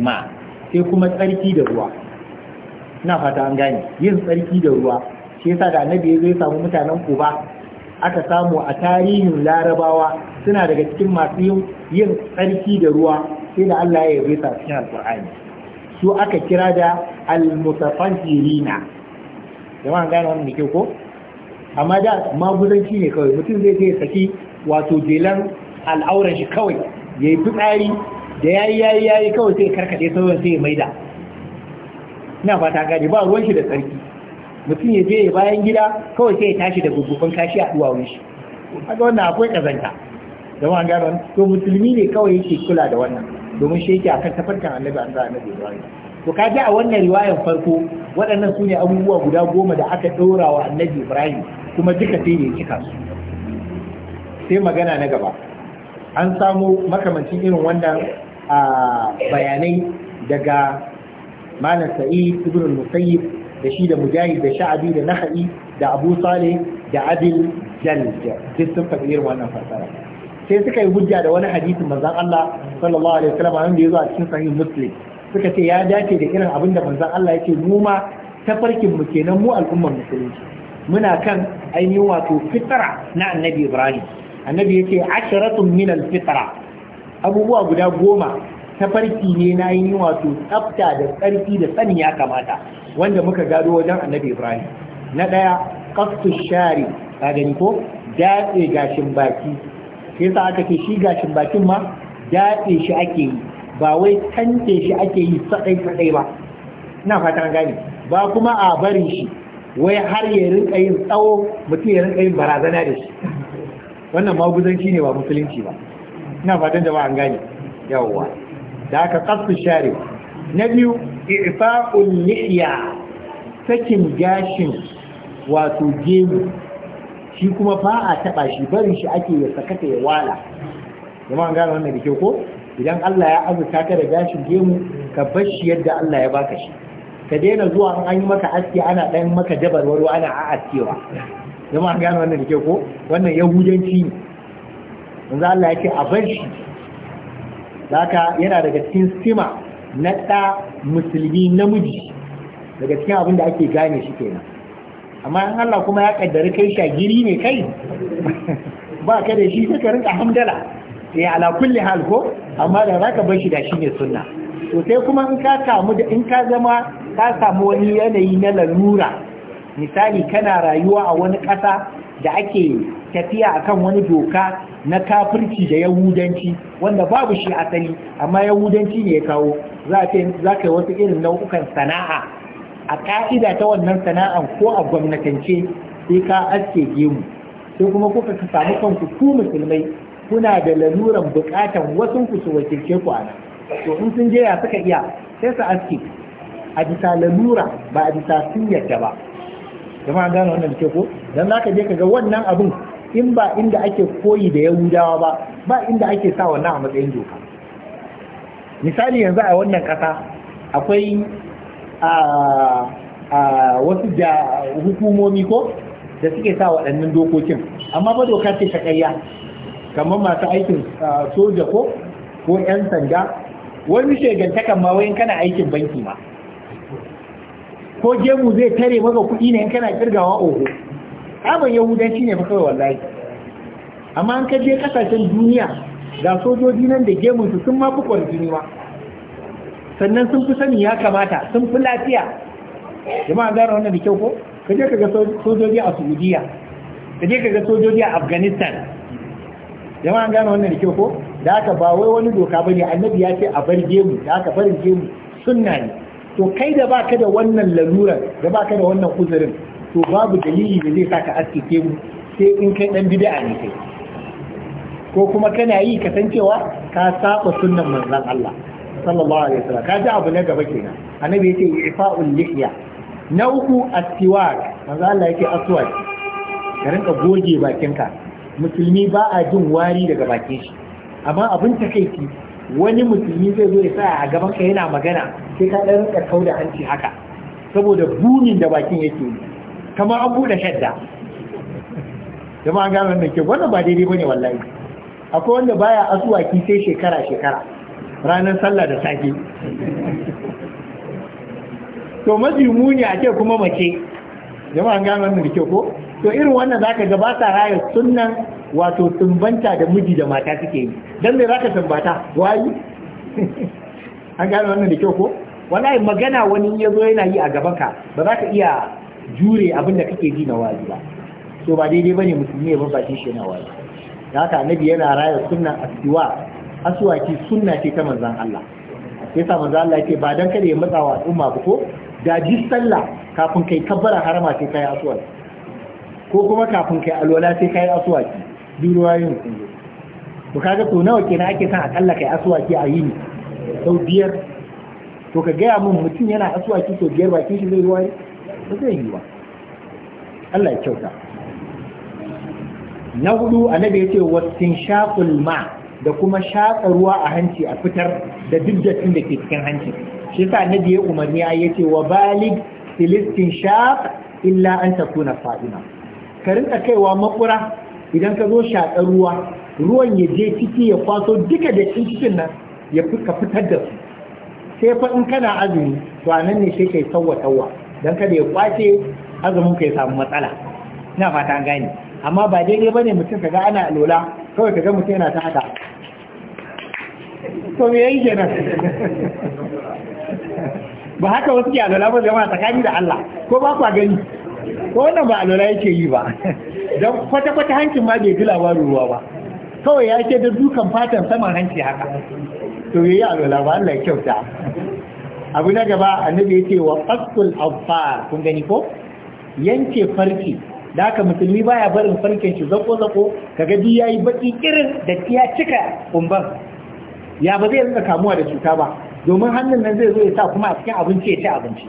sai kuma tsarki da ruwa ina fata an gane yin tsarki da ruwa shi yasa da annabi ya zai samu mutanen kuba aka samu a tarihin larabawa suna daga cikin masu yin tsarki da ruwa sai da Allah ya yabe risa cikin alqur'ani su aka kira da almutafahirina jama'a gane wannan da ke ko amma da maguzanci ne kawai mutum zai zai saki wato jelan al'auran shi kawai ya yi fitsari da ya yi yayi yayi kawai sai karkaɗe sauran sai ya maida ina fata gane ba ruwan shi da tsarki mutum ya je bayan gida kawai sai ya tashi da gugugun kashi a duwawun shi kaga wannan akwai kazanta an gane to musulmi ne kawai yake kula da wannan domin shi yake akan tafarkin annabi an zai annabi Ibrahim to kaji a wannan riwayan farko waɗannan su ne abubuwa guda goma da aka ɗora wa annabi Ibrahim kuma duka sai ya cika su sai magana na gaba an samu makamancin irin wannan bayanai daga malam sa'id ibn musayyib da shi da mujahid da sha'abi da naha'i da abu Salih da adil Jalil duk sun faɗi irin wannan fasara sai suka yi hujja da wani hadisin manzon Allah sallallahu alaihi wasallam wanda ya zo a cikin sahih muslim suka ce ya dace da irin abin da manzon Allah yake mu ma tafarkin mu kenan mu al'ummar musulunci muna kan ainihin wato fitra na annabi Ibrahim annabi yake asharatun min al-fitra abubuwa guda goma tafarki ne na ainihin wato tsafta da tsarki da sani ya kamata wanda muka gado wajen annabi ibrahim na ɗaya kastu shari ka gani ko datse gashin baki shi yasa aka ce shi gashin bakin ma daɗe shi ake yi ba wai tante shi ake yi sadai sadai ba ina fatan gane ba kuma a bari shi wai har ya rinka yin tsawo mutum ya rinka yin barazana da shi wannan maguzanci ne ba musulunci ba ina fatan ba an gane yawwa da aka kasu share na biyu ifa'ul lihiya sakin gashin wato gemu shi kuma fa a taɓa shi barin shi ake ya sakata ya wala kuma an gane wannan da ke ko idan Allah ya azurta ka da gashin gemu ka bar shi yadda Allah ya baka shi ka daina zuwa in an yi maka aski ana ɗan maka dabarwaro ana askewa kuma an gane wannan da ke ko wannan yahudanci ne yanzu Allah ya ce a bar shi haka yana daga cikin sima na ɗa musulmi namiji daga cikin abin da ake gane shi kenan amma in Allah kuma ya kaddari kai shagiri ne kai *laughs* ba ka da shi ka rinka hamdala Eh ala kulli hal ko amma da zaka bar shi da shi ne sunna to sai kuma in ka samu da in ka zama ka samu wani yanayi na lalura misali kana rayuwa a wani kasa da ake tafiya akan wani doka na kafirci da yahudanci wanda babu shi asali amma yahudanci ne ya kawo za ka yi wasu irin nau'ukan sana'a a ka'ida ta wannan sana'ar ko a gwamnatance sai ka aske gemu sai kuma kuka ka samu kanku ku musulmai kuna da laluran bukatan wasu ku su wakilce ku a nan to in sun je ya suka iya sai su aske a bisa lalura ba a bisa sun yadda ba jama'a gane wannan da ko dan zaka je ka ga wannan abun in ba inda ake koyi da yahudawa ba ba inda ake sa wannan a matsayin doka misali yanzu a wannan ƙasa akwai a wasu da hukumomi ko da suke sa waɗannan dokokin amma ba doka ce ta ƙarya kamar masu aikin soja ko ko 'yan sanda wani shegantakan ma wayan kana aikin banki ma ko gemu zai tare maka kuɗi ne in kana kirgawa oho abin yahudanci ne fa kawai wallahi amma an ka je kasashen duniya ga sojoji nan da gemunsu su sun ma kwarjini ma sannan sun fi sani ya kamata sun fi lafiya jama'a gara wannan da kyau ko ka je ka ga sojoji a saudiya ka je ka ga sojoji a afghanistan jama'a gara wannan da kyau ko da haka ba wai wani doka ba ne annabi ya ce a bar gemu da haka barin gemu sunna ne to kai da baka da wannan lalurar da baka da wannan uzurin to babu dalili da zai saka aske mu sai in kai dan bid'a ne kai ko kuma kana yi kasancewa ka saba sunnan manzon Allah sallallahu alaihi wasallam kaji abu na gaba kenan annabi yake ifa'ul lihya na uku astiwak manzo Allah yake aswak ka rinka goge bakinka musulmi ba a jin wari daga bakin shi amma abin takeici wani musulmi zai zo ya sa a gaban ka yana magana sai ka dan rinka kauda hanci haka saboda bunin da bakin yake yi kamar an bude shadda jama'a ga wannan ke wannan ba daidai bane wallahi akwai wanda baya aswaki sai shekara shekara ranar sallah da safe to mafi muni a ce kuma mace jama'an gano mu da kyau ko to irin wannan za ka gaba sa raya sunan wato tumbanta da miji da mata suke yi Don me ka tumbata wayi *laughs* an gano wannan da kyau ko wallahi magana wani ya zo yana yi a gaban ka ba za ka iya jure abin da kake ji na wazi ba to ba daidai bane musulmi ya ba shi na wazi da haka annabi yana raya sunan asiwa aswaki sunna ce ta manzan Allah sai sa manzan Allah yake ba dan kada ya matsa wa al'umma ba ko da ji sallah kafin kai kabbara harama sai kai aswaki ko kuma kafin kai alwala sai kai aswaki duk ruwayoyin sun zo to kaga to nawa kenan ake son akalla kai aswaki a yini sau biyar to ka gaya min mutum yana aswaki sau biyar bakin shi zai ruwa ba zai yi ba Allah ya kyauta na hudu annabi ce wasin shaqul ma' da kuma shaƙa ruwa a hanci a fitar da duk dattin da ke cikin hanci shi sa annabi ya umarni a ya ce wa balig filistin shaƙ illa an ta kuna fa'ina ka rinka kaiwa makura idan ka zo shaƙa ruwa ruwan ya je ciki ya kwaso duka da cikin nan ya ka fitar da su sai fa in kana azumi to a nan ne sai kai sawwa sawwa dan kada ya kwace azumin ka ya samu matsala ina fata an gane amma ba daidai bane mutum kaga ana lola, kawai kaga mutum yana ta haka to me yayi kenan ba haka wasu ke alola ba jama'a tsakani da Allah ko ba kwa gani ko wannan ba alola yake yi ba don kwata-kwata hancin ma bai ji ruwa ba kawai ya ce da dukan fatan saman hanci haka to yayi alola ba Allah ya kyauta abu na gaba annabi yake wa qastul afar kun gani ko yanke farki da haka musulmi baya barin farkin shi zako zako kaga di yayi baki ƙirin da ya cika kumban ya ba zai rinka kamuwa da cuta ba domin hannun nan zai zo ya sa kuma a cikin abinci ya ci abinci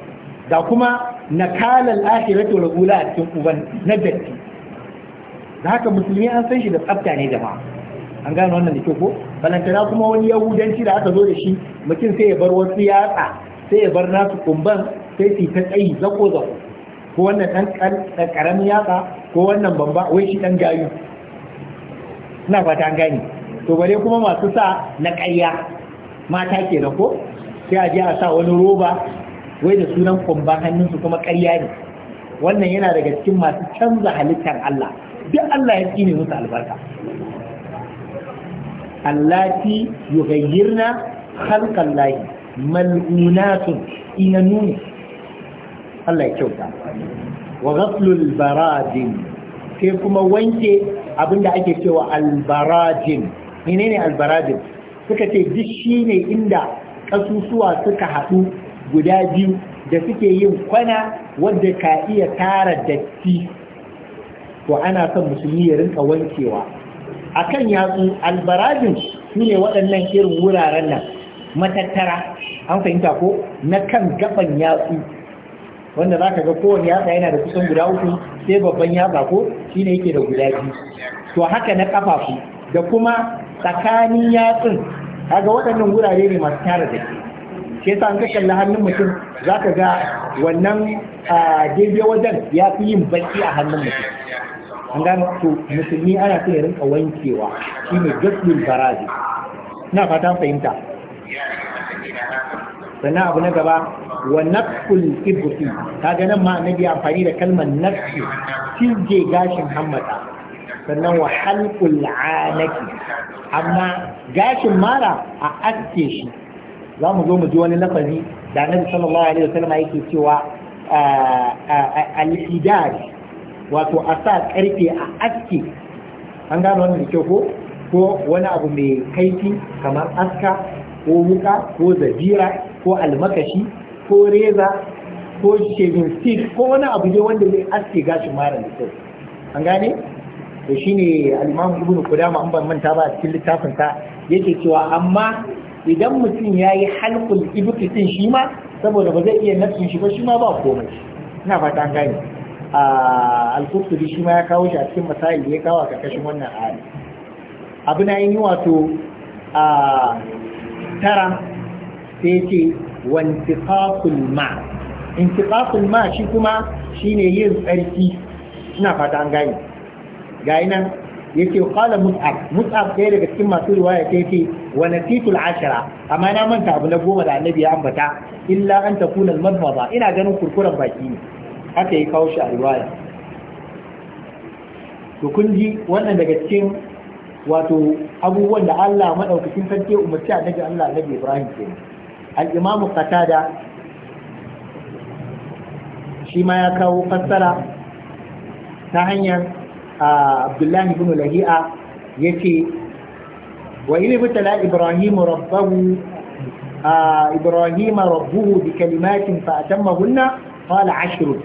Da kuma na kalal akhiratu wal ula a cikin uban na datti da haka musulmi an san shi da tsafta ne da ba. an gane wannan da ke ko balantana kuma wani yahudanci da aka zo da shi mutum sai ya bar wasu yatsa sai ya bar nasu kumban sai su ta tsayi zako zako ko wannan dan karamin yatsa ko wannan bamba wai shi dan gayu ina fata an gane to bare kuma masu sa na ƙarya mata ke ko sai a je a sa wani roba wai da sunan kumban hannunsu kuma ƙarya ne wannan yana daga cikin masu canza halittar Allah duk Allah ya tsine musu albarka allati yughayyirna khalqan lahi mal'unatun inanu Allah ya kyauta wa ghaflul baradin sai kuma wanke abinda ake cewa albarajin menene albaradin suka ce duk shi ne inda ƙasusuwa suka haɗu guda biyu da suke yin kwana wadda ka iya tara datti to ana son musulmi ya rinka wankewa A kan yatsu albarajin su ne waɗannan irin wuraren nan matattara an fahimta ko na kan gaban yatsu wanda za ka ga kowane yatsa yana da kusan guda uku sai babban yatsa ko shine yake da guda biyu to haka na ƙafafu da kuma tsakanin yatsun kaga waɗannan wurare ne masu tara da ke sa yasa an kalli hannun mutum za ka ga wannan daidai wajen ya fi yin baki a hannun mutum an gano to musulmi ana so ya rinka wankewa shi ne gaskiyar barazi ina fatan fahimta sannan abu na gaba wa nafsul ibuki kaga nan ma na biya amfani da kalmar nafsi cije gashin hammata sannan wa halqul anaki amma gashin mara a aske shi za mu zo mu ji wani lafazi da annabi sallallahu alaihi wasallam yake cewa al wato a sa karfe a aske an gano wannan da kyau ko ko wani abu mai kaifi kamar aska ko wuka ko zabira ko almakashi ko reza ko shaving stick ko wani abu dai wanda zai aske gashin mara da kyau an gane to shine al-Imam Ibn Qudama an ban manta ba a cikin littafin sa yake cewa amma idan mutum yayi yi ibti din shi ma saboda ba zai iya nafsin shi ba shi ma ba komai ina fata an gane al da shi ma ya kawo shi a cikin masayi da ya kawo a kakashin wannan ayat abu na yi wato a tara sai ce wantiqaqul ma intiqaqul ma shi kuma shine yin tsarki ina fata an gane ga nan yace qala mus'ab mus'ab ɗaya daga cikin masu riwaya ta yace wa titul ashira amma na manta abu na goma da annabi ya ambata illa an takuna al ina ganin kurkuren baki ne haka ya kawo shi a riwaya to kun ji wannan daga cikin wato abubuwan da Allah madaukakin sarki umarci annabi Allah annabi Ibrahim kenan al-imam qatada shi ma ya kawo fassara ta hanyar abdullahi ibn lahi'a yace wa idh ibtala Ibrahimu rabbahu ibrahim rabbuhu bi kalimatin fa atammahunna qala ashrun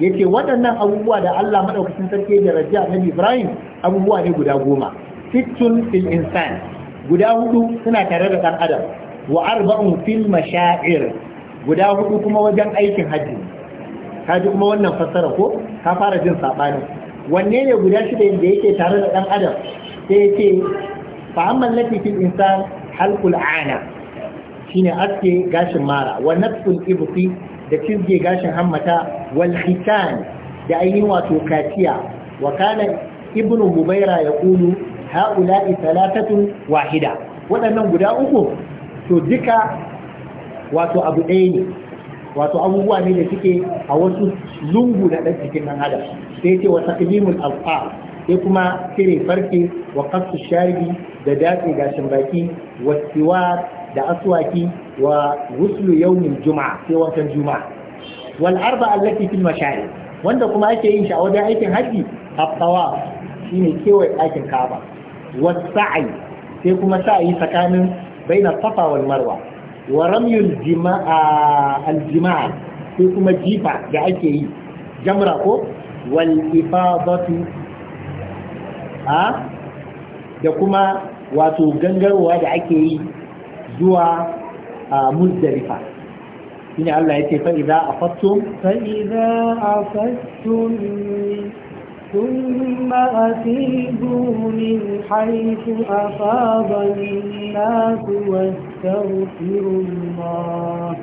yace waɗannan abubuwa da Allah madaukakin sarki ya daraja annabi ibrahim abubuwa ne guda goma sittun fil insan guda hudu suna tare da dan adam wa arba'un fil mashaa'ir guda hudu kuma wajen aikin haji kaji kuma wannan fassara ko ka fara jin sabani wanne ne guda shida da yake tare da ɗan adam sai yake fa amman fil insan halqul ana shine aske gashin mara wa nafsul ibti da cizge gashin hammata wal khitan da ainihin wato kaciya wa kana ibnu mubaira yaqulu ha'ula'i thalathatun wahida waɗannan guda uku to duka wato abu ɗaya ne wato abubuwa ne da suke a wasu lungu na ɗan cikin nan adam sai ce wa taqdimul alfa sai kuma cire Farki wa qasu sharibi da datse gashin baki wa siwar da aswaki wa guslu yawmin juma'a sai wankan juma'a wal arba allati fil mashari wanda kuma ake yin shi a wajen aikin haji at shine kewaye aikin Kaaba wa sa'i sai kuma sa'i tsakanin baina safa wal marwa wa ramyul jima'a al-jima'a sai kuma jifa da ake yi jamra ko wal'ifadatu a da kuma wato gangarwa da ake yi zuwa a muzdalifa ina Allah ya ce fa idza afattum fa idza afattum ثم a من حيث أفاض الناس واستغفروا الله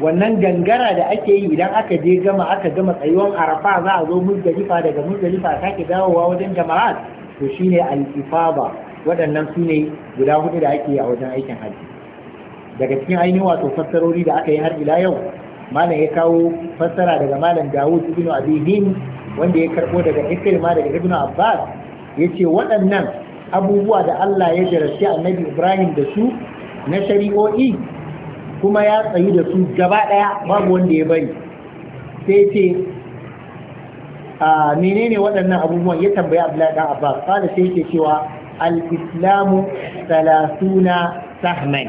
wannan gangara da ake yi idan aka je gama aka gama tsayuwan arafa za a zo muzdalifa daga muzdalifa ke dawowa wajen jama'at to shine al-ifada waɗannan su ne guda hudu da ake yi a wajen aikin hajji daga cikin ainihin wato fassarori da aka yi har ila yau malam ya kawo fassara daga malam Dawud ibn Abi wanda ya karɓo daga ma daga Ibn Abbas ya ce waɗannan abubuwa da Allah ya jarabci annabi Ibrahim da su na shari'o'i kuma ya tsayi da su gaba ɗaya babu wanda ya bari sai ce a menene waɗannan abubuwan ya tambaya Abdullahi dan Abbas kada sai ke cewa al-islamu salasuna sahman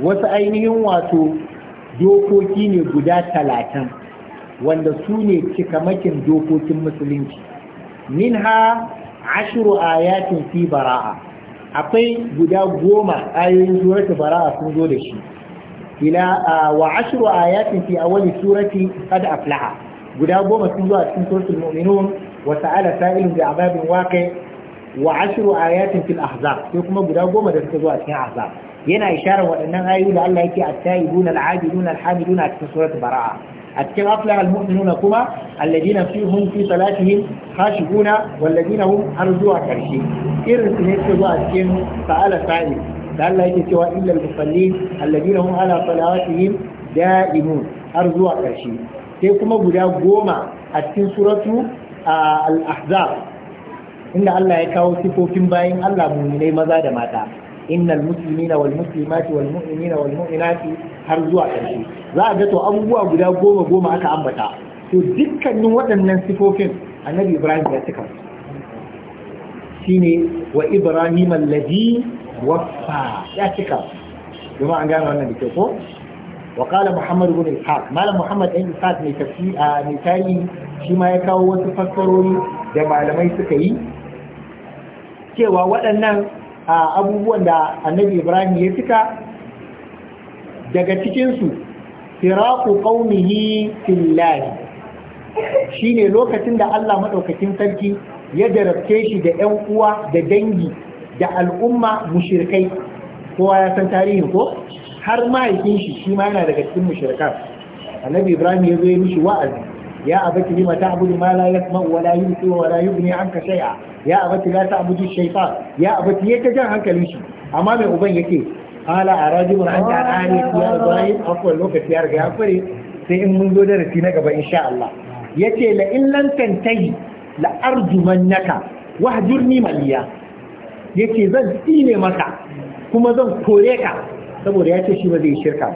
wasu ainihin wato dokoki ne guda talatin wanda su ne cikamakin dokokin musulunci minha ashiru ayatin fi bara'a akwai guda goma ayoyin surati bara'a sun zo da shi ila wa ashiru ayatin fi a wani surati qad aflaha guda goma sun zo a cikin suratul mu'minun wa sa'ala sa'ilun bi Ababin waqi wa ashiru ayatin fil ahzab sai kuma guda goma da suka zo a cikin ahzab yana isharar waɗannan ayoyi da Allah yake at-taibuna al-abiduna al-hamiduna a cikin suratul bara'a a cikin aflah almu'minuna kuma alladina fihum fi salatihim khashiguna walladina hum har zuwa karshe irin su ne suke zuwa cikin sa'ala sa'i da Allah yake cewa illa al-musallin alladina hum ala salawatihim da'imun har zuwa karshe sai kuma guda goma a cikin suratu al-ahzab inda Allah ya kawo sifofin bayin Allah mu'minai maza da mata Inna innal muslimina wal muslimati wal mu'minina wal mu'minati har zuwa ƙarshe za a ga to abubuwa guda goma goma aka ambata to dukkanin waɗannan sifofin annabi ibrahim ya cika shine wa ibrahim allazi waffa ya cika kuma an gane wannan dake ko wa qala muhammad ibn ishaq malam muhammad ibn ishaq ne tafsiri ne tarihi shi ma ya kawo wasu fassarori da malamai suka yi cewa waɗannan A abubuwan da annabi ibrahim ya cika daga cikinsu firaku qaumihi fillahi shine lokacin da Allah madaukakin sarki ya jarabce shi da 'yan uwa da dangi da al'umma mushrikai kowa ya san tarihin ko har mahaifin shi shi ma yana daga cikin mushrikan annabi ibrahim ya zo ya mishi wa'azi يا أبت لم تعبد ما لا يسمع ولا يبصر ولا يغني عنك شيئا يا أبت لا تعبد الشيطان يا أبت يتجا عنك المشي أمام أبن يكي قال أراجب أنت عن آليتي يا إبراهيم أقول لك يا رجاء فري سيئن من دون رسينك إن شاء الله يتي لئن لم تنتهي لأرجمنك واهجرني مليا yake zan tsine maka kuma zan kore ka saboda ya ce shi ba zai shirka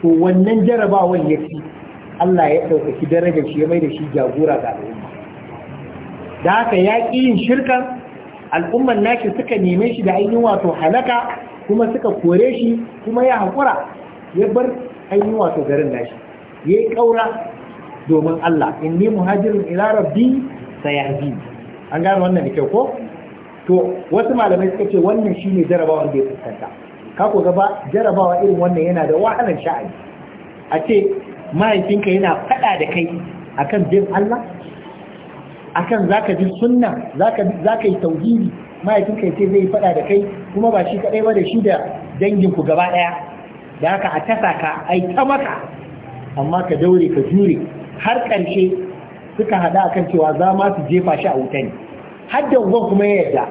to wannan jarabawan ya ci Allah ya ɗaukaki darajar shi ya mai da shi jagora ga al'umma da haka ya ƙi yin shirkan al'umman nashi suka neme shi da ainihin wato halaka kuma suka kore shi kuma ya haƙura ya bar ainihin wato garin nashi ya yi ƙaura domin Allah ne muhajirin ila rabbi sayahdi an gane wannan da kyau ko to wasu malamai suka ce wannan shine jarabawa da ya fuskanta ka ku gaba jarabawa irin wannan yana da wahalar sha'ani a ce mahaifinka yana faɗa da kai akan bin Allah akan zaka ji sunna zaka zaka yi tauhidi mahaifinka yace zai faɗa da kai kuma ba shi kadai ba da shi da dangin ku gaba daya da haka a tasa ka ai ta maka amma ka daure ka jure har karshe suka hada akan cewa za ma su jefa shi a wuta ne har da kuma ya yarda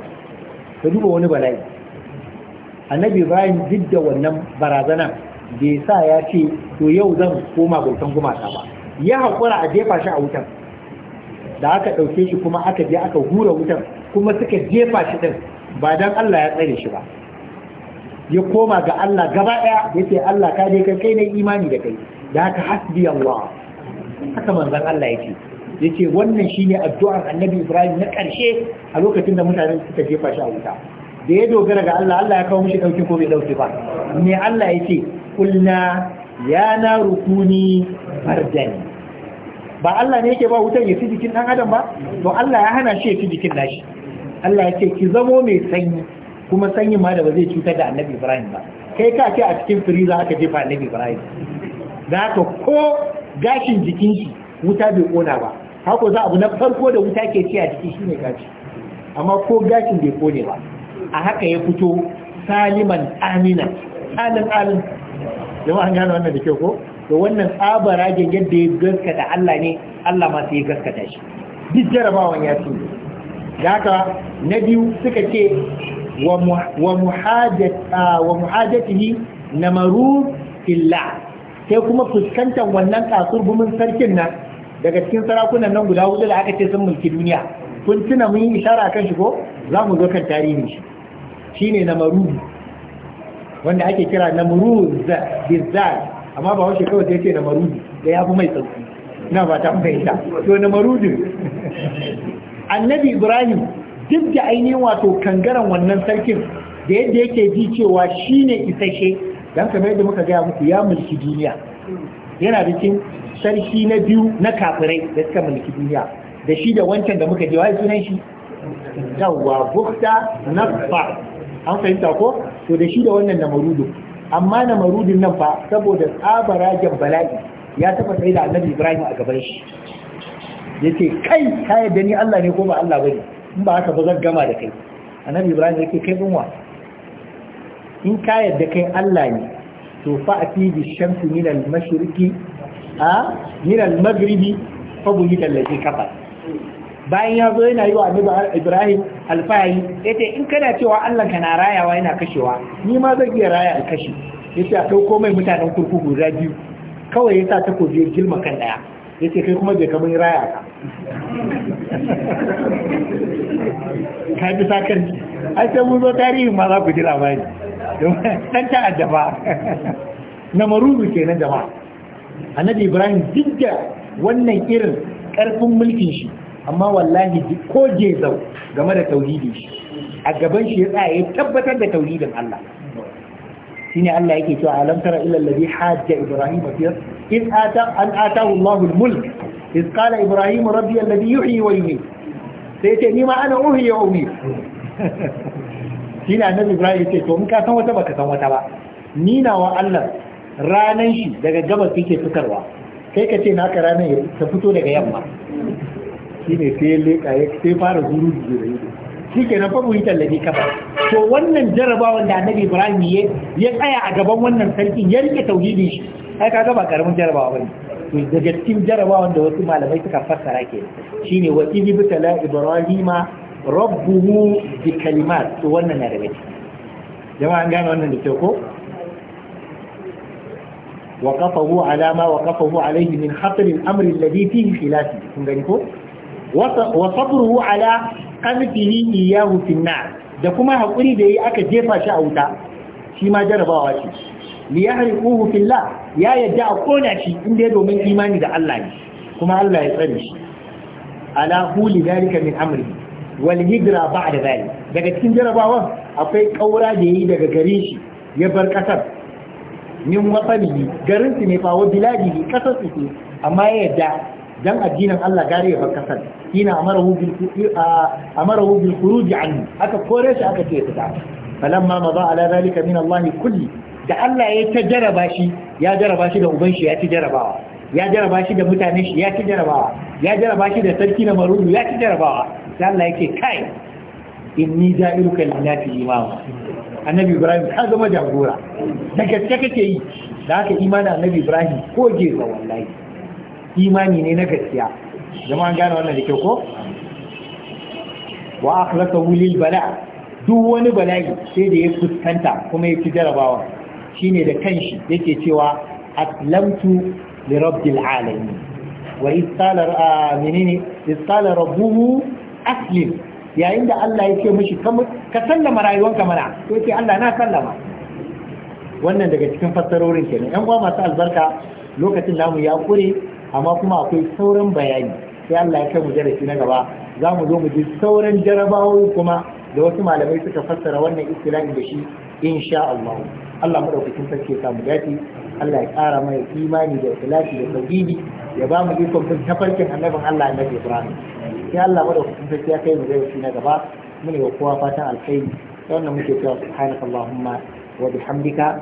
ka duba wani bala'i annabi Ibrahim duk da wannan barazanan bai sa ya ce to yau zan koma bautan gumata ba ya haƙura a jefa shi a wutan da aka ɗauke shi kuma aka je aka hura wutan kuma suka jefa shi ɗin ba don Allah ya tsare shi ba ya koma ga Allah gaba ɗaya ya ce Allah ka je kai kai ne imani da kai da haka hasbi Allah haka manzon Allah ya ce ya ce wannan shine addu'ar annabi Ibrahim na ƙarshe a lokacin da mutanen suka jefa shi a wuta da ya dogara ga Allah Allah ya kawo mishi ɗauki ko bai ɗauki ba me Allah ya ce kulna ya na rukuni fardani ba Allah ne yake ba wutan ya fi jikin ɗan adam ba to Allah ya hana shi ya fi jikin nashi Allah ya ce ki zamo mai sanyi kuma sanyi ma da ba zai cutar da annabi Ibrahim ba kai ka ce a cikin firiza aka jefa annabi Ibrahim da haka ko gashin jikin shi wuta bai kona ba hako za abu na farko da wuta ke ci a jiki shine gashi amma ko gashin bai kone ba a haka ya fito saliman amina alin alin Yau an gane wannan da ke ko da wannan tsabaragen yadda ya gaskata Allah ne Allah ma sai ya gaskata shi duk jarabawan ya ce da haka na biyu suka ce wa muhajatihi na maru illa sai kuma fuskantar wannan kasurgumin sarkin nan daga cikin sarakunan nan guda hudu da aka ce sun mulki duniya kun tuna mun yi ishara kan shi ko za mu zo kan tarihin shi shine na marubi wanda ake kira na muruz bizar amma ba wace kawai sai ce na marudu da ya fi mai sauki na ba ta fahimta to na marudu annabi ibrahim duk da ainihin wato kangaren wannan sarkin da yadda yake ji cewa ne isashe don kamar yadda muka gaya muku ya mulki duniya yana bikin sarki na biyu na kafirai da suka mulki duniya da shi da wancan da muka je wai sunan shi yawwa bukta nafa!" an fahimta ko to da shi da wannan na amma na marudin nan fa saboda tsabaragen bala'i ya taba tsaye da annabi ibrahim a gaban shi ya ce kai ka yadda ni allah ne ko ba allah bane in ba haka ba zan gama da kai annabi ibrahim ya ce kai wa? in ka yadda kai allah ne to fa a fi shamsu min al mashriqi a min al maghribi fa yi allazi kafa. bayan ya zo yana yi wa annabi ibrahim alfahari ya ce in kana cewa allah kana rayawa yana kashewa ni ma zai iya raya a kashe ya ce a komai mutanen kurkuku guda biyu kawai ya sa takobi ya gilma kan ɗaya ya ce kai kuma bai kamar raya ka *laughs* ka fi sakar ai sai mun zo tarihin ma za ku ji labari dan ta'adda ba *laughs* na marubu kenan jama'a annabi ibrahim duk wannan irin karfin mulkin shi amma wallahi ko jezau game da tauhidi shi a gaban shi ya tsaya ya tabbatar da tauhidin Allah shine Allah yake cewa alam tara ila alladhi hajja ibrahim fi in ata an atahu Allah al-mulk iz qala ibrahim rabbi alladhi yuhyi wa yumiit sai ce ni ma ana uhyi wa umiit *laughs* shine annabi ibrahim yace to in ka san wata baka san wata ba ni na wa Allah ranan shi daga gabas yake fitarwa kai ka ce na naka ranan ya fito daga yamma Shi ne sai ya leƙa ya sai fara zuru da ido shi ke na famu hitar tallafi kafa to wannan jarabawan da annabi ibrahim ya ya tsaya a gaban wannan sarkin ya rike tauhidin shi ai ka gaba karamin jarabawa bane to daga cikin jarabawan da wasu malamai suka fassara ke shine wa ibi bitala Ibrahim, rabbuhu bi kalimat to wannan na daga jama'a an gane wannan da kyau ko وقفه على ما وقفه عليه من خطر الامر الذي فيه خلاف kun gani ko wa sabruhu ala qamtihi iyahu fi da kuma haƙuri da yi aka jefa shi a wuta shi ma jarabawa ce li Uhu fillah ya yadda a kona shi inda domin imani da Allah ne kuma Allah ya tsare shi ala huli dalika min amri wal hijra ba'da zalik daga cikin jarabawan akwai kaura da yi daga gare shi ya bar kasar min wasalihi garin su ne fa wa biladihi kasar su amma ya yadda dan addinin Allah gare ya bakasar ina amarahu bil amarahu bil khuruj aka kore shi aka ce fita falamma maza ala zalika min Allah kulli da Allah ya ta jaraba shi ya jaraba shi da uban shi ya ci jarabawa ya jaraba shi da mutane shi ya ci jarabawa ya jaraba shi da sarki na marudu ya ci jarabawa sai Allah yake kai inni za'iruka lillahi imama annabi ibrahim ka zama jagora da gaske kake yi da haka imanin annabi ibrahim ko geza wallahi imani ne na gaskiya jama'a gane wannan da kyau ko wa akhlasahu lil bala duk wani bala'i sai da ya fuskanta kuma ya jarrabawa, jarabawa shine da kanshi yake cewa aslamtu li rabbil alamin wa istala menene istala rabbuhu aslim yayin da Allah ya ce mishi ka sallama rayuwanka mana to ce Allah na sallama wannan daga cikin fassarorin kenan yan uwa masu albarka lokacin namu ya kure amma kuma akwai sauran bayani sai Allah ya kai mu darasi na gaba za mu zo mu ji sauran jarabawoyi kuma da wasu malamai suka fassara wannan istilahi da shi insha Allah Allah madaukakin sarki ya samu dace Allah ya ƙara mana imani da ikhlasi da tauhidi ya ba mu ikon bin tafarkin annabin Allah annabi Ibrahim sai Allah madaukakin sarki ya kai mu darasi na gaba mune wa kowa fatan alkhairi wannan muke cewa subhanakallahumma wa bihamdika